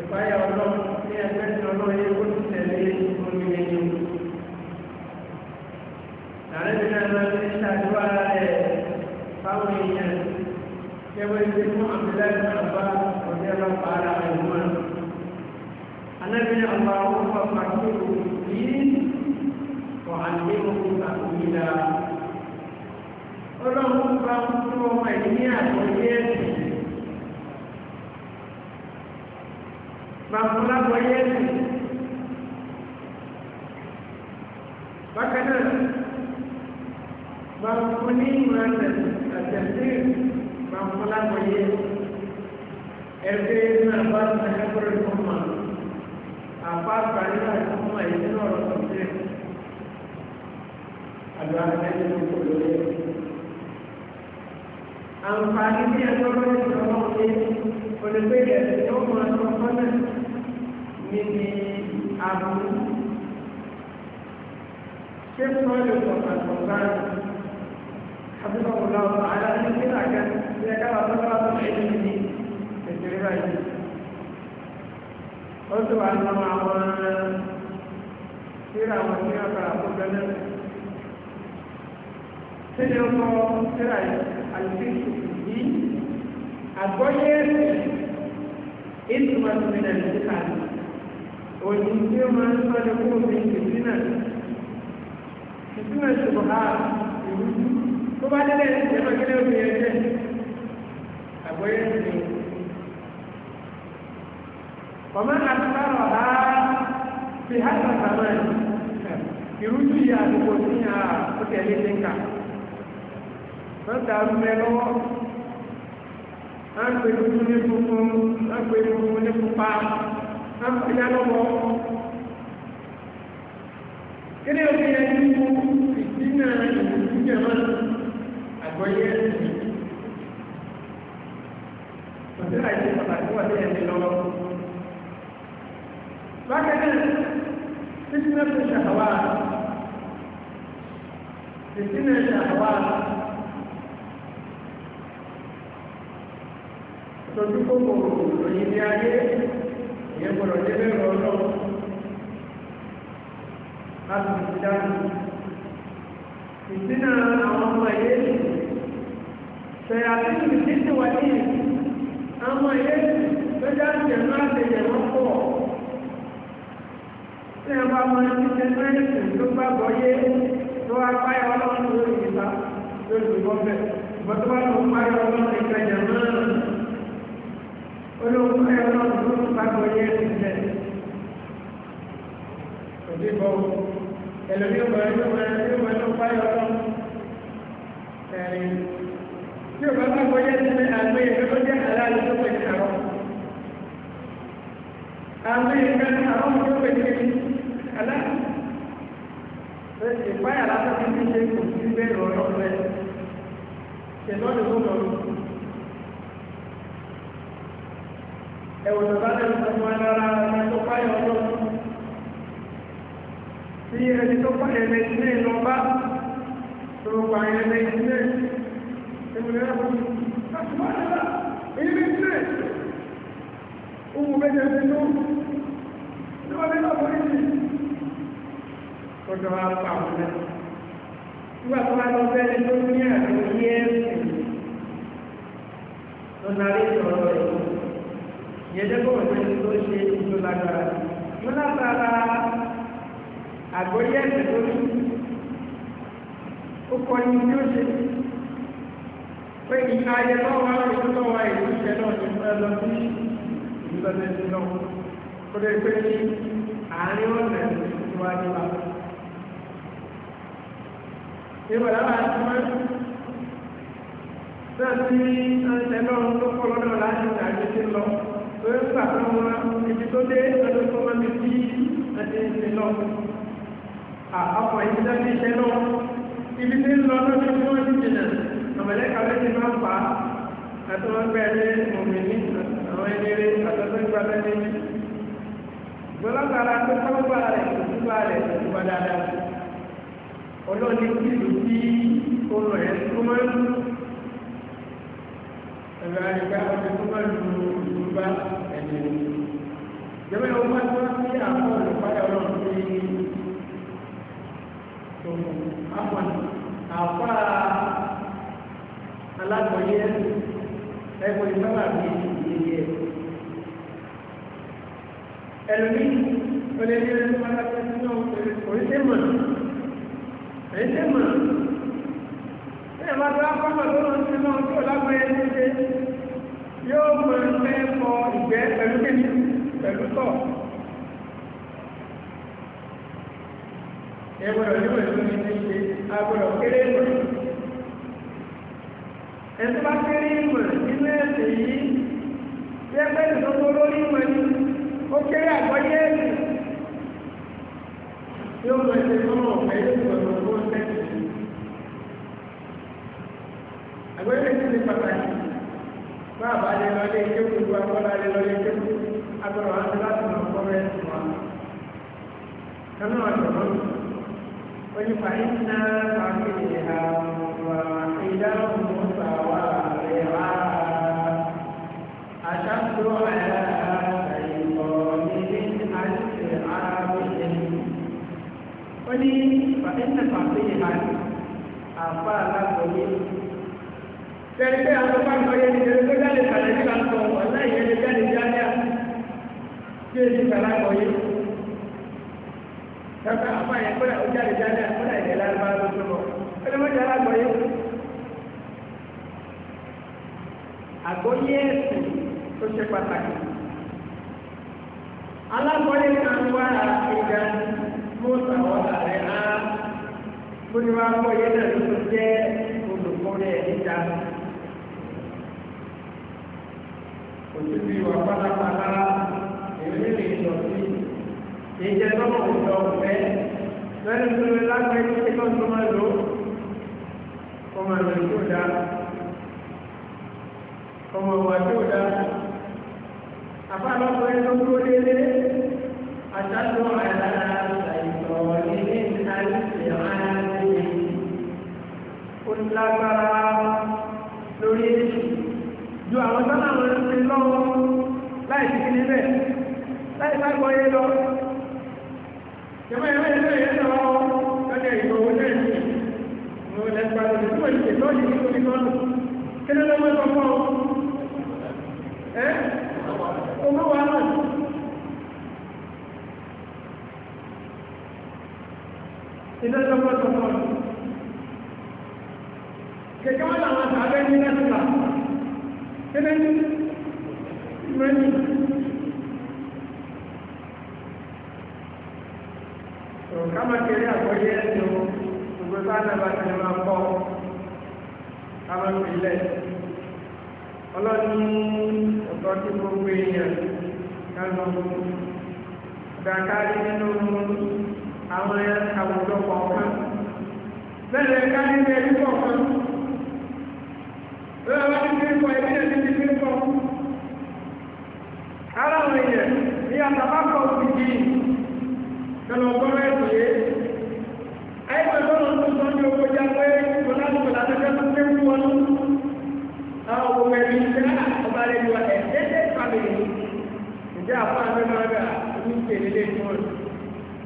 ìpáyà ọlọ́run ní ẹgbẹ́ ìrọ̀lọ́ yẹ kó ti tẹ̀lé omi lẹ́yìn olùkọ́ àlẹ́bìnrin náà lọ sí ṣàdúrà rẹ̀ fáwọn èèyàn kẹwẹ́ ti mú àbílẹ̀ náà bá ọ̀dẹ́ bá para rẹ̀ mọ́. àlẹ́bìnrin ọba ó fọ pàkíyèwò yìí kọ̀ àdéhùn àkùnrin ọlọ́run bá ń fún ọmọ ẹ̀yìn bá ń fún ní ìmọ̀ àtẹ̀sí bá ń fún lápòye ẹgbẹ́ náà bá ń sẹ́kẹ́ pẹ̀lú fún ma àpá àpárí àti fún ma ìdí náà lọ sí ilé àdúrà ẹni tó kò lóye. àǹfààní bí ẹjọ́ bá ti sọ wọ́n pé olùgbéyà حفظه الله تعالى أن كنا كان ذكر ثمرة العلم به التجربة قلت أن مع سيرة وسيرة فلا بد سيرة سيرة الفقه في الدين أبوية إثمة من الفتن والجنسية ما يصلح به الفتنة فتنة الشبهات tó bá délé ẹni tẹ́ máa kílé omi yẹn jẹ́ àgbẹ̀yẹ ti ọmọ àtúntàrọ̀ bá fi hàtà sàmà ìrújú yìí àdúgbò sí yà ó ní ká wọ́n ta lọ́wọ́ wọ́n ní funfun wọ́n funfun ní pupa wọ́n ìdí náà ìdí náà. àgbọ́yé ẹ̀sìn òṣèlú àìsí pàtàkì wọ́n tẹ̀lé ní lọ́wọ́. bákan náà títí náà fi ṣàwá títí náà ṣàwá àwọn ọmọ ẹ̀yẹ́ ìlú ṣèyàtìlú ìdíje wà ní àwọn ìyẹ́sì lọ́jà ìjẹ̀mú àtẹ̀yẹ̀wọ́ pọ̀ tí a bá mọ ìdíje mẹ́rìnsì tó gbàgbọ́ yé tó apáyà ọlọ́run lórí ìgbà lórí ìgbọ́fẹ̀ ìgbọ́n tó bá lọ páyà ọlọ́run ìkẹjẹ náà olóhùn páyà ọlọ́run tó gbàgbọ́ yé ìjẹ òbí bọ́ ẹlòmíì ọgbà ẹlòmíì ọgbà ẹlòmíì ọgbà ẹlòmíì ọgbà ẹlòmíì tí o bá bá gbọ́jẹ́ sí àgbé ẹ̀kọ́ jẹ́ aláàlú tó pẹ̀lú àwọn àgbé ẹ̀kọ́ àwọn tó pẹ̀lú aláàlú ìpáyà látọ̀ tó ti ṣe kò sí bẹ́ẹ̀ lọ́rọ̀ rẹ̀ ṣètọ́ lè wọ́n lọ́rọ̀ ẹ̀wọ̀n tó bá tẹ̀lé tó wọn lára ẹni tó páyà ọjọ́ tí ẹni tó páyà ẹni tí ní bá tó pa ẹni Ọjọ́ wa pa ọ̀hún náà. Nígbà tó wá lọ bẹ́ẹ̀ tó ní àrùn yẹ́ẹ̀sì lọ́nàrí ìṣòro rẹ̀. Yẹ́dẹ́gbọ̀n ọ̀sẹ̀ tó ṣe ìṣòro lágbára. Mo látara àgbóyẹ̀sì tó ní. Ó kọ́ ni tí ó ṣe pé ìka ayẹ lọ́wọ́ ìlúlọ́wọ́ ìlú ìṣẹ́ náà ti fẹ́ lọ sí ìlúlọ́dẹ́sí lọ́wọ́ tó dé pé ní àárín ọ̀nà ìwájú wa ìbàdàn àti wọn náà sí ẹ̀ṣẹ̀ náà tó kọ́ lọ́dọ̀ láti ìdájọ́ sí lọ tó ń gbà fún wọn ibi tó dé ọdún tó máa ti fi ẹ̀ṣẹ̀ ìṣẹ̀ lọ àpapọ̀ ìṣẹ́ iṣẹ́ náà ibi tí ń lọ lọ́dún tó wọ́n ti jìnnà àmọ̀lẹ́ka méjì máa ń fà á àtọ́gbẹ́ ní mòmìnì àwọn eléré àtọ́gbẹ́gbà lẹ́ni gbọ́lágbára tó sábà rẹ̀ ìtúbà rẹ̀ ìtúbà dáadáa ọlọ́ọ̀ni kí ìlú tí olù ẹ̀ tó máa ń lù ẹ̀rọ àyíká ọdún tó máa ń lu ìtúbà ẹ̀jẹ̀ jẹ́bẹ́ ló máa tó sí àwọn olùpadà ọlọ́run tó yí tó mọ̀ alágbọ̀yé ẹgbẹ́ ìsọ́nà bí ìyẹyẹ ẹlòmí olèdè ẹgbẹ́ pàtàkì nínú orísẹ́mọ̀ orísẹ́mọ̀ ẹ̀ máa tó akọ́mọ̀ tó lọ sí náà tó lágbọ̀yé ṣe yóò mọ̀ ẹgbẹ́ ẹ̀kọ́ ìgbẹ́ pẹ̀lú kẹ́ni pẹ̀lú tọ̀ ẹgbẹ́ ọ̀dọ́ ìwé tó ní ṣe agbọ̀dọ̀ kéré ìwọ̀n ẹ̀sùn bá kéré ìmọ̀ nínú ẹ̀sẹ̀ yìí tí ẹgbẹ́ ìdókòwò lórí ìmọ̀ ni ó kéré àgbọ́yé ẹ̀sìn tí ó mọ ẹsẹ̀ tó mọ̀ ọ̀fẹ́ yóò mọ̀ ọ̀rọ̀ tó ń tẹ̀sí. àgbọ́yé ẹ̀sìn ní pàtàkì máa bá lọ lé ike kúrú akọ́lá lè lọ lé ike kúrú agbọ̀rọ̀ wá láti mọ̀ ọ̀kọ́ rẹ̀ sí wa. kánú ọ̀dọ̀ mọ́ onípa ìnà pàákì ìhà ìdáhùn ní pàtẹ́ńtẹ̀ pàtẹ́yẹ láti àfa alágbọ̀yé tẹ̀lé àwọn ọmọ àgbọ̀yé ní tẹ̀lé tó jáde kàlẹ́ nípa ń sọ ọ̀nà ìyẹn lè jáde jáde à tí èyí kàlá gbọ̀yé kàkà àfa yẹn kọ́lá ó jáde jáde à kọ́lá ìyẹn lárúbá ló tó bọ̀ ẹni wọ́n jáde àgbọ̀yé àgbọ̀yé ẹ̀sìn tó ṣe pàtàkì alágbọ̀yé kan wá ìgbà mú àwọn ààrẹ á kó ní wàá kọ́ yẹn náà ló jẹ́ olùkọ́ni ẹ̀ níta. òtún bí wà pátápátá èmi lè sọ sí ìjẹ́ lọ́wọ́ òjò ọ̀fẹ́ lẹ́nu tó lè lágbẹ́ tí kí lọ́sọ máa lò ọmọ àlọ́ ìjọ dá ọmọ ìwà ìjọ dá. lágbára gbàkárí nínú àwọn àwùjọ kọ̀ọ̀kan bẹ́ẹ̀ kárí bẹ́ẹ̀ pè é lé ní ọ̀rọ̀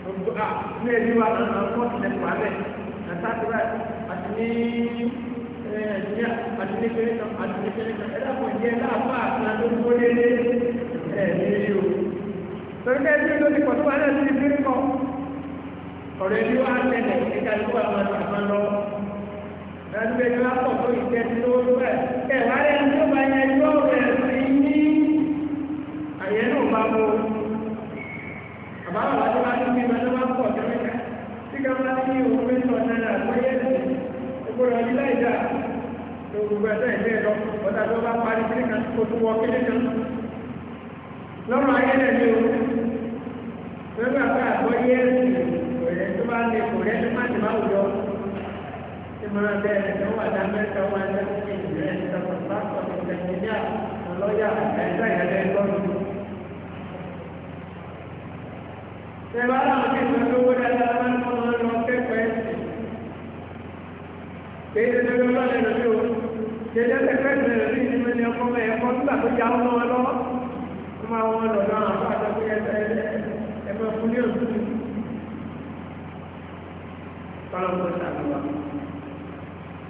gbogbo a ní ẹni wa náà náà kọ́ sílẹ̀ fún abẹ́ àtàkùrà àti ní ẹ̀ẹ́dìyà àti ní kéré kan àti ní àwọn àgbà lọ. ẹgbẹ́ ni pọ̀ tó ìjẹ́ ti lówó ẹ̀ wá rẹ̀ ń tó bá yẹn lọ́wọ́ ẹ̀ sí ní àyẹ̀nù máa mú báwo wá sí máa ń bí ìbáná máa ń pọ̀ tó mẹ́ta tí ká máa ní òun fẹ́ sọ náírà àgbáyé ẹ̀sìn ìgbòrò ọdún láì dáa tó gbogbo ẹ̀sẹ̀ ìlú ẹ̀rọ ọ̀tà tó bá parí sí kan kó tó wọ kéde kan lọ́rọ̀ ayé rẹ̀ ni o pẹ̀lú àgbà àgbáyé ẹ̀sìn òyìn tó bá lè kò rẹ́ tó má ti máa wùdọ́ tí máa bẹ̀rẹ̀ tó wà dá mẹ́ta wà dá ìgbìyànjú Ṣẹ̀bá láwọn tí ìgbà tó wó dáadáa máa ń kọ́ wọn lọ kẹ́kọ̀ọ́ ẹ̀sìn. Kèé ṣe tó lọ́lọ́ lẹ́nu tí o. Ṣé lẹ́sẹ̀ fẹ́ẹ̀sì rẹ̀ ní ìdílé ní ọkọ mẹ́ ẹ̀kọ́ nígbà tó já wọn lọ́wọ́. Wọ́n máa wọn lọ náà àbá àtọ́kùn ẹ̀sẹ̀ ẹ̀fọ́ fún ní òtún. Kọ́lọ́mù ṣàlùwà.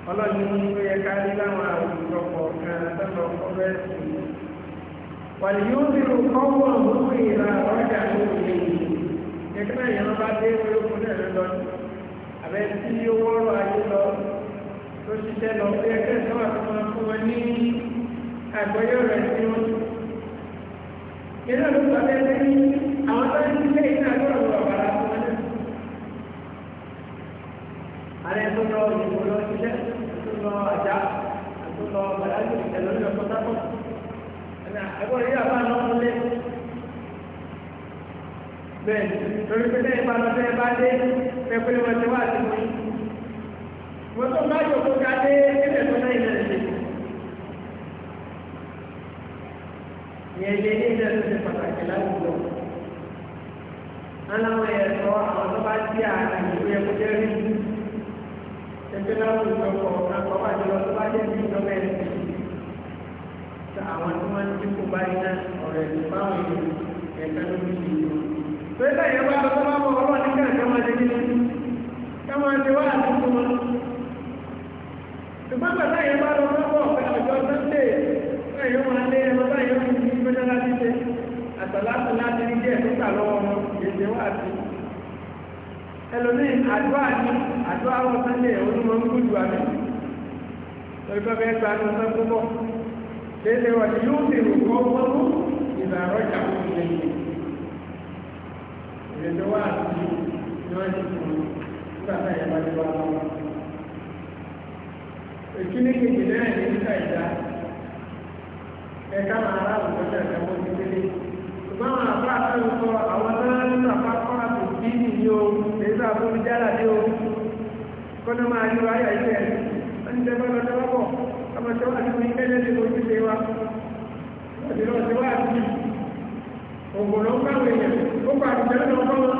Ọlọ́run ní ó yẹ ká ní láwọn àwùjọ kọ̀ọ̀kan tọ́lọ̀ ọ̀rọ̀ ẹ̀sìn. Wàlíyó bí o kọ́ wọ̀ lórí ìlà ọ̀rọ̀ kẹ̀kẹ́ náà yẹn bá dé ológun náà ló lọ àbẹ́ tí owó ọrọ̀ ayé lọ tó ṣiṣẹ́ lọ pé ẹgbẹ́ sábà tó máa fún wọn ní àgbọ́yọ̀ rẹ̀ sí wọn. ìlànà ìgbàlẹ́ ní àwọn táyà bá lọ bẹ́ẹ̀ bá dé pẹ̀pẹ́ wọn ti wá sí mi. Wọ́n tó bá yòókù ká dé ẹgbẹ́ tó náà ilẹ̀ ṣe. Yẹn lé ní ilẹ̀ tó ṣe pàtàkì láwùjọ. Aláwọ̀ yẹn sọ àwọn tó bá jí àárín ìlú yẹn kó jẹ́ rí. Ẹgbẹ́ láwùjọ kọ̀ọ̀kan kọ́ wà jùlọ tó bá jẹ́ bí ìjọba ẹ̀ àwọn tí wọ́n ti kó báyìí náà ọ̀rẹ́ ìfáwọn ènìyàn ẹ̀ka ló fi ṣe ìlú. Pẹ́lẹ́ ẹlòmíì àdúrà ní àdúrà wọn sẹ́lẹ̀ onímọ̀ ń gbùdù àmì lọ́jọ́ bẹ́ẹ̀ gba ní ọ̀sán tó bọ̀ léde wà ní yóò ti rò kọ́ wọ́n mú ìlà rọ́jà fún ilé ìrètò wà sí ní wọ́n ti fún nígbà tá ìyàbá ti wà lọ́wọ́. èkíní kejì náà ní ìta ìdá ẹ̀ka máa rà òkúta ìdáwó ti délé. wọ́n náà máa yọ ayà ilẹ̀ wọ́n jẹ́ bọ́ lọ́tọ́wọ́pọ̀ ọmọ tó wà nínú ilé ní ojú ṣe wa ọdún náà ti wá àti ògùn ló ń bá wọn èèyàn ó pa àtijọ́ náà kọ́ wọn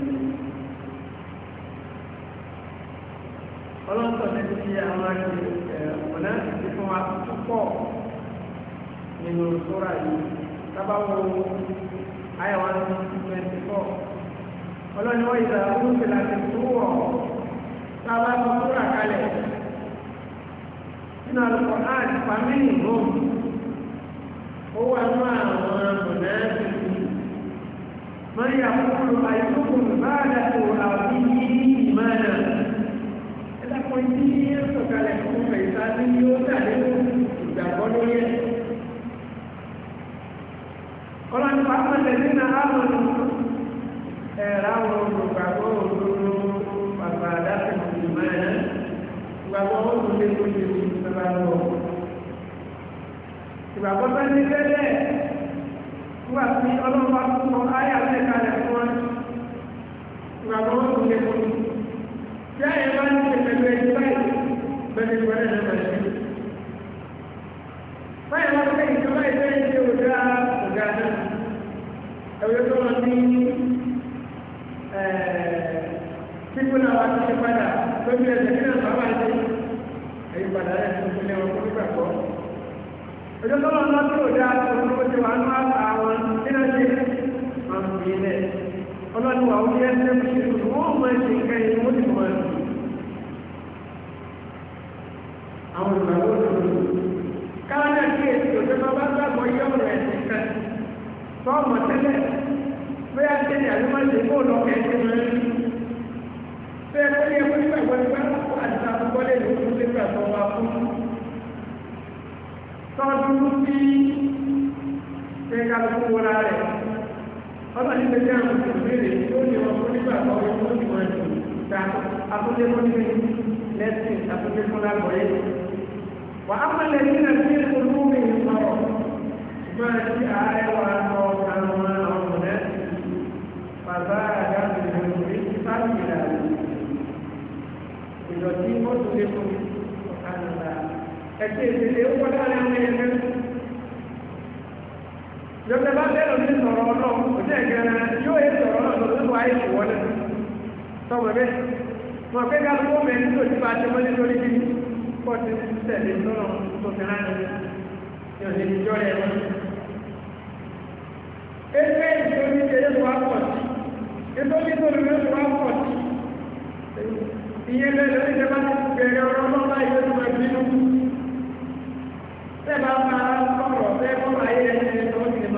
àwọn sọ̀tẹ́ sí àwọn ọ̀nà ti fún wa púpọ̀ nínú sóra yìí tábàwọ̀ àyàwó twenty four ọlọ́ni wọ́n ìgbà olùkọ́ láti túwọ̀ tábà tó sóra kalẹ̀ nínú àlùkò náà ti pa mí nìgbò ó wà nú àwọn ọ̀nà ti fi mọ́ni àkókò àyíkókò bá dàtò àwọn ìyí ọkùnrin tí yíyẹ sọ̀kalẹ̀ fún ẹ̀ka ní yóò dàdéhùn ìgbàgbọ́ lórí ẹ̀. ọlọ́ni pàápàá tẹ̀lé náà áwọn ẹ̀rọ àwọn olùgbàgbọ́ òdodo bàbá àdáṣe ìgbìmọ̀ ẹ̀ ìgbàgbọ́ òdodo tó ṣe ìgbàgbọ́ lọ. ìgbàgbọ́ tó ní tẹ́lẹ̀ nígbà tí ọlọ́run bá tún kọ káyà tẹ̀kalẹ̀ fún ọ ìgbàgbọ́ òdodo tó ṣe tí a yẹ bá ní ṣe pẹ̀lú ẹni báyìí pẹ̀lú ìwọlé náà máa ṣe. báyìí wọ́n fẹ́ ìjọba ìfẹ́ ìṣe ọ̀gá ọ̀gá náà ẹ̀wọ̀n tó wọn ní pípọ̀ náà wá ti ṣe padà lójú ẹ̀jẹ̀ kí náà bàbá ṣe èyí padà rẹ̀ tó fi ọjọ́ tó wọn lọ́ọ́ tó ọ̀gá ọ̀gá tó ti wà nù àwọn ìdílé ṣe máa ń fi ilẹ̀ ọlọ́ni wà wọ́n yẹ́ ṣe fi ṣe wọ́n mọ̀ ṣe kẹ́yìn wọ́n ti mọ̀ ẹ̀sùn àwọn ìgbàgbọ́ tó lò káwọn kí èsì òjò máa bá gbàgbọ́ yẹ ọ̀rọ̀ ẹ̀sìn kan tó ọmọ tẹ́lẹ̀ pé a ṣe ní àlùmọ́ṣe kó lọ kẹ́kẹ́ mẹ́rin pé ẹgbẹ́ yẹ kó nígbàgbọ́ ní bá kó àdìsá àkọ́kọ́ lè lò ọba ní pẹ̀lú àwọn ìbéèrè tó ní ọmọ nígbà tó yẹ kó ní wọn jù ta abúlé fún ní lẹ́sìn abúlé fún lágbọ̀ yẹ. wà á máa lẹ́yìn náà sí olú mi sọ̀rọ̀ máa ti ààrẹ wa lọ àwọn ọmọ rẹ̀ bàbá àgbàdo ìròyìn rí sáàbì ìlànà ìdọ̀tí ó lé fún mi ọ̀kan náà ìdílé ó kọ́ lọ́sẹ̀ bá bẹ́ẹ̀ lọ́sẹ̀ sọ̀rọ̀ ọlọ́run kò jẹ́ ìgbẹ́rẹ́ yóò yẹ sọ̀rọ̀ ọlọ́run tó tó ayé ìwọlé sọ̀rọ̀ bẹ́ẹ̀ mọ̀ pé ká ló mẹ́ nílò tí bá ti mọ́lé lórí bí pọ̀ ti tẹ̀lé lọ́nà tó fi ránà ní ọ̀sẹ̀ ìjọ rẹ̀ wọ́n. ẹgbẹ́ ìtòmí ṣe yóò wá pọ̀ sí ìtòmí tó lè yóò wá pọ̀ sí ìyẹn lẹ́yìn lórí ìjọba ti bẹ̀rẹ̀ ọ̀rọ̀ náà báyìí ló ti mọ̀ bínú. tẹ́ bá máa sọ̀rọ̀ ẹni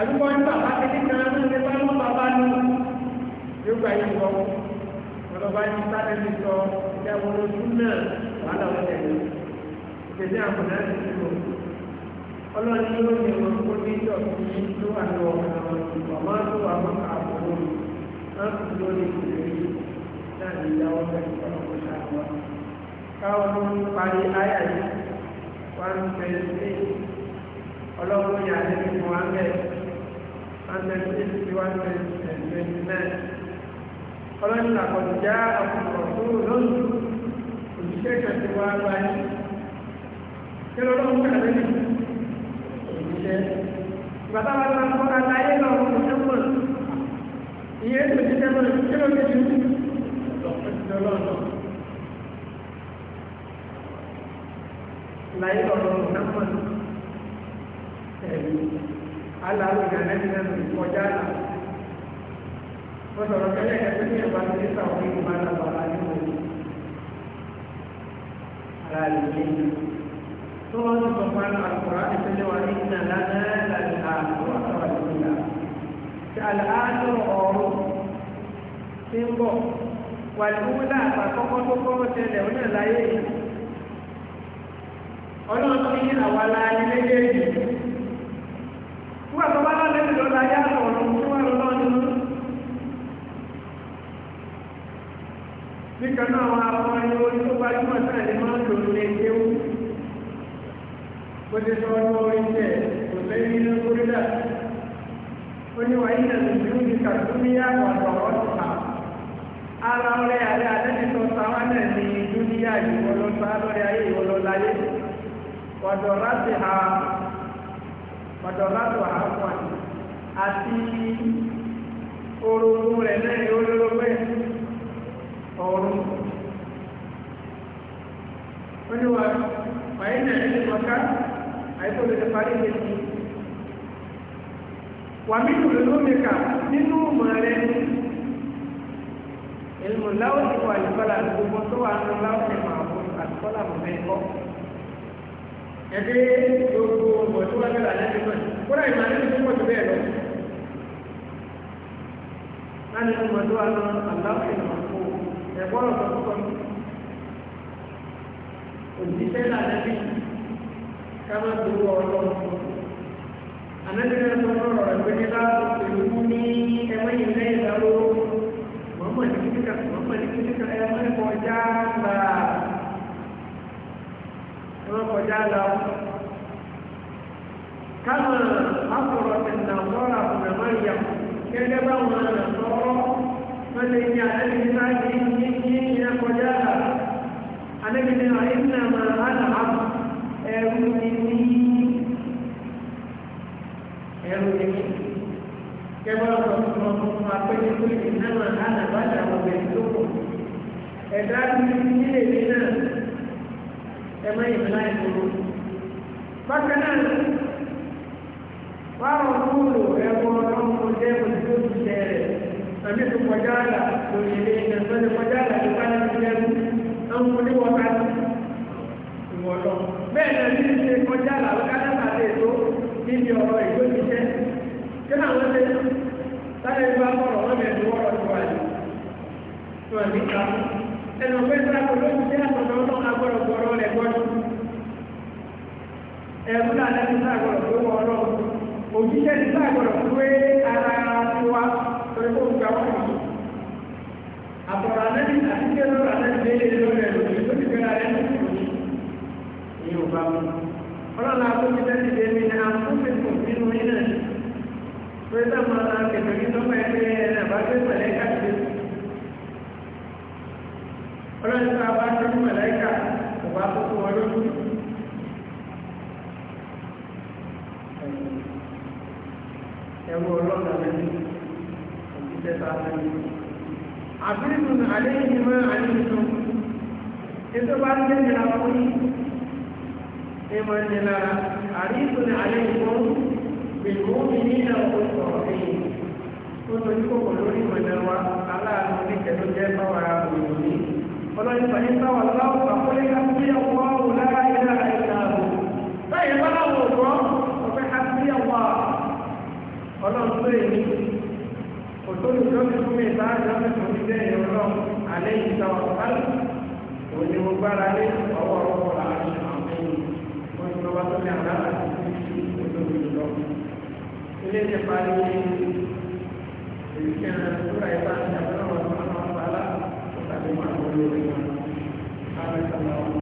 àdúgbò ní bàbá kékeré kan náà ní bá wọn bàbá nù yóò gba yìí lọ ọlọ́ba yìí sáré mi sọ ìjà wọn lójú náà wàhálà wọn tẹ̀lé ìgbésí àwọn náà ti ti lò ọlọ́ni yóò ní wọn kó ní ìjọsìn yìí tó wà lọ ọmọ tó wà wọn kà àbúrò náà tó lórí ìgbésí náà ní ìjà wọn tẹ̀lé ọlọ́kọ̀ ṣàkóso káwọn parí ayà yìí wọn ń bẹ̀rẹ̀ sí ọlọ́kọ̀ yàrá ìfún wa bẹ́ẹ̀ ọlọ́run àkọ́jà ọkùnrin ọ̀tún lónìí òṣìṣẹ́ ìṣẹ̀tì wa gba yín kí ló lọ́wọ́ kàdé ní òṣìṣẹ́ bàbá wa máa kọ́ ara yé lọ òṣìṣẹ́ pọ̀ ìyẹn tó ti tẹ́lọ̀ kí aláàlú ìdánẹ́bí lẹ́nu ìkọjá àná ọ̀sọ̀rọ̀ tẹ́lẹ̀ ẹgbẹ́ ní ẹ̀bá ní sàwọn ìlú máa lọ bàbá ní wọn ara lè ní ìlú tó wọ́n ń sọ fún àkùrá ìpínlẹ̀ wa ní ìlú náà láti àbúrò àtàwà ìlú náà tí àlàájú yìí nígbà tó bá lálẹ́ ìlú ọ̀la yá ọ̀rọ̀ tí wọ́n lọ lọ́ọ́ nínú. níkan náà wọn àwọn ẹni orí tó gbajúmọ̀ náà ni máa ń lò ní ewu bó ti sọ ọdún orí tẹ kò lẹ́yìn inú kúrí dà ó ní wàá yíyan lè dúró ní kàdúmíyà ọ̀dọ̀ ọ̀tà ara láti ha ọ̀dọ̀látò àwọn àti orogún rẹ̀ lẹ́yìn olórógbẹ́ ọ̀run oníwà wàyínà ilé mọ́ká àìsàn lè parí létí wà nínú lómìnkà nínú mọ̀ rẹ̀ ìlú láwùjọ àlùfọ́lá gbogbo tó wà nínú láwùjọ àlùfọ́lá mọ̀ mẹ́kọ́ ẹbí gbogbo ọmọ tó wá lọ́la lẹ́nu náà kúrò ìmọ̀ àti ìlú pọ̀ tó bẹ́ẹ̀ lọ. láti ní ọmọ tó wá lọ àláwọ̀ ìlú àpò ẹ̀kọ́ ọ̀rọ̀ kọ̀ọ̀kọ̀ ní. òjíṣẹ́ náà lẹ́bí ká má gbowó ọlọ́run. ànábì náà sọ ọ̀rọ̀ rẹ̀ pé nígbà pẹ̀lú ní ẹ̀wọ́n yìí lẹ́yìn ìdáwó mọ̀ọ́mọ̀ ní kíkà mọ̀ọ́mọ̀ ní kíkà ẹ̀ wọ́n kọjá lọ kama akọrọ tẹnda kọrọ àbùnà máa yà gẹ́gẹ́ bá wọn nà sọ̀rọ̀ wọn lè ní alẹ́ ní báyìí ní ní ní akọjá lọ alẹ́ ní ayé ní àmà àlà àbù ẹrù ní ẹ̀dá ní ilé ní náà ẹ̀mọ́ ìfìlà ìgbòho. Bákan náà, wàá rọ̀ kúrò ẹ̀kọ́ ọmọ jẹ́ òṣìṣẹ́ òṣìṣẹ́ rẹ̀ tàbí tó kọjá àlà lórí ilé ìgbà tó kọjá àlà tó bá ní ilé ẹ̀kú àwọn oníwọ̀ká ìwọ̀ lọ. Bẹ́ẹ̀ náà ní ṣe kọjá àlà ó kádà àti ètò níbi ọ̀rọ̀ ìgbó ìṣiṣẹ́. Kí làwọn ṣe sáré bá bọ̀rọ̀ wọn bẹ̀rẹ̀ wọ́rọ̀ tó wà ní. Tó wà ní ẹnu ọgbẹ́ sọ́ra kò lóògùn sí àtọ̀nà ọlọ́run agbọ́dọ̀ gbọ́rọ̀ rẹ̀ gbọ́dọ̀ ẹ̀rú làdá ti sá àgbọ̀dọ̀ tó wọ ọlọ́run òjíṣẹ́ ti sá àgbọ̀dọ̀ tó wé ara tiwa torí kó gba wọn kàn àtọ̀rọ̀ àdẹ́bí àti kí ẹ̀rọ àdẹ́bí lé lórí ẹ̀rọ ìlú tó ti gbé ara ẹ̀rọ ìlú bá wọn ọlọ́run akókò tẹ́lẹ̀ dé mi ní àkókò nínú iná pé sáà máa kẹ̀kẹ́ kí tọ́pọ̀ ẹgbẹ́ ẹ̀ ọlọ́run tó bá tọ́jú mọ̀láìkà kò bá tó fún wọn lójú ẹ̀rọ ọlọ́run àmì òjíṣẹ́ tá a fẹ́ mi. àbíríkùn àléyìn mọ́ àléyìn tó ètò bá ń tẹ́lẹ̀ àwọn yìí ìmọ̀ ìlera àríkùn àléyìn mọ́ bẹ̀rù mi ní àwọn ọ̀rọ̀ yìí ó lójú kòkòrò lórí ìmọ̀ ìlera wa aláàánú ní kẹ́ló jẹ́ báwa òyìnbó ọlọ́yìn fàyín sáwà láwọ́ àkọlé àti ẹ̀wọ́ lára ilẹ̀ àìsà ààbò báyìí bá láwọn ọ̀dọ́ ọ̀fẹ́ àti ẹ̀wọ́ ọlọ́run tó èyí kò tó lè lọ́ọ́ fún mi bá àjọ mẹ́fọ́ ní bẹ́ẹ̀ ọlọ́run alẹ́ yìí sáwà kálù òun ni mo gbára lé ọwọ́ ọ̀rọ̀ àti àwọn ẹ̀yìn ونعوذ بك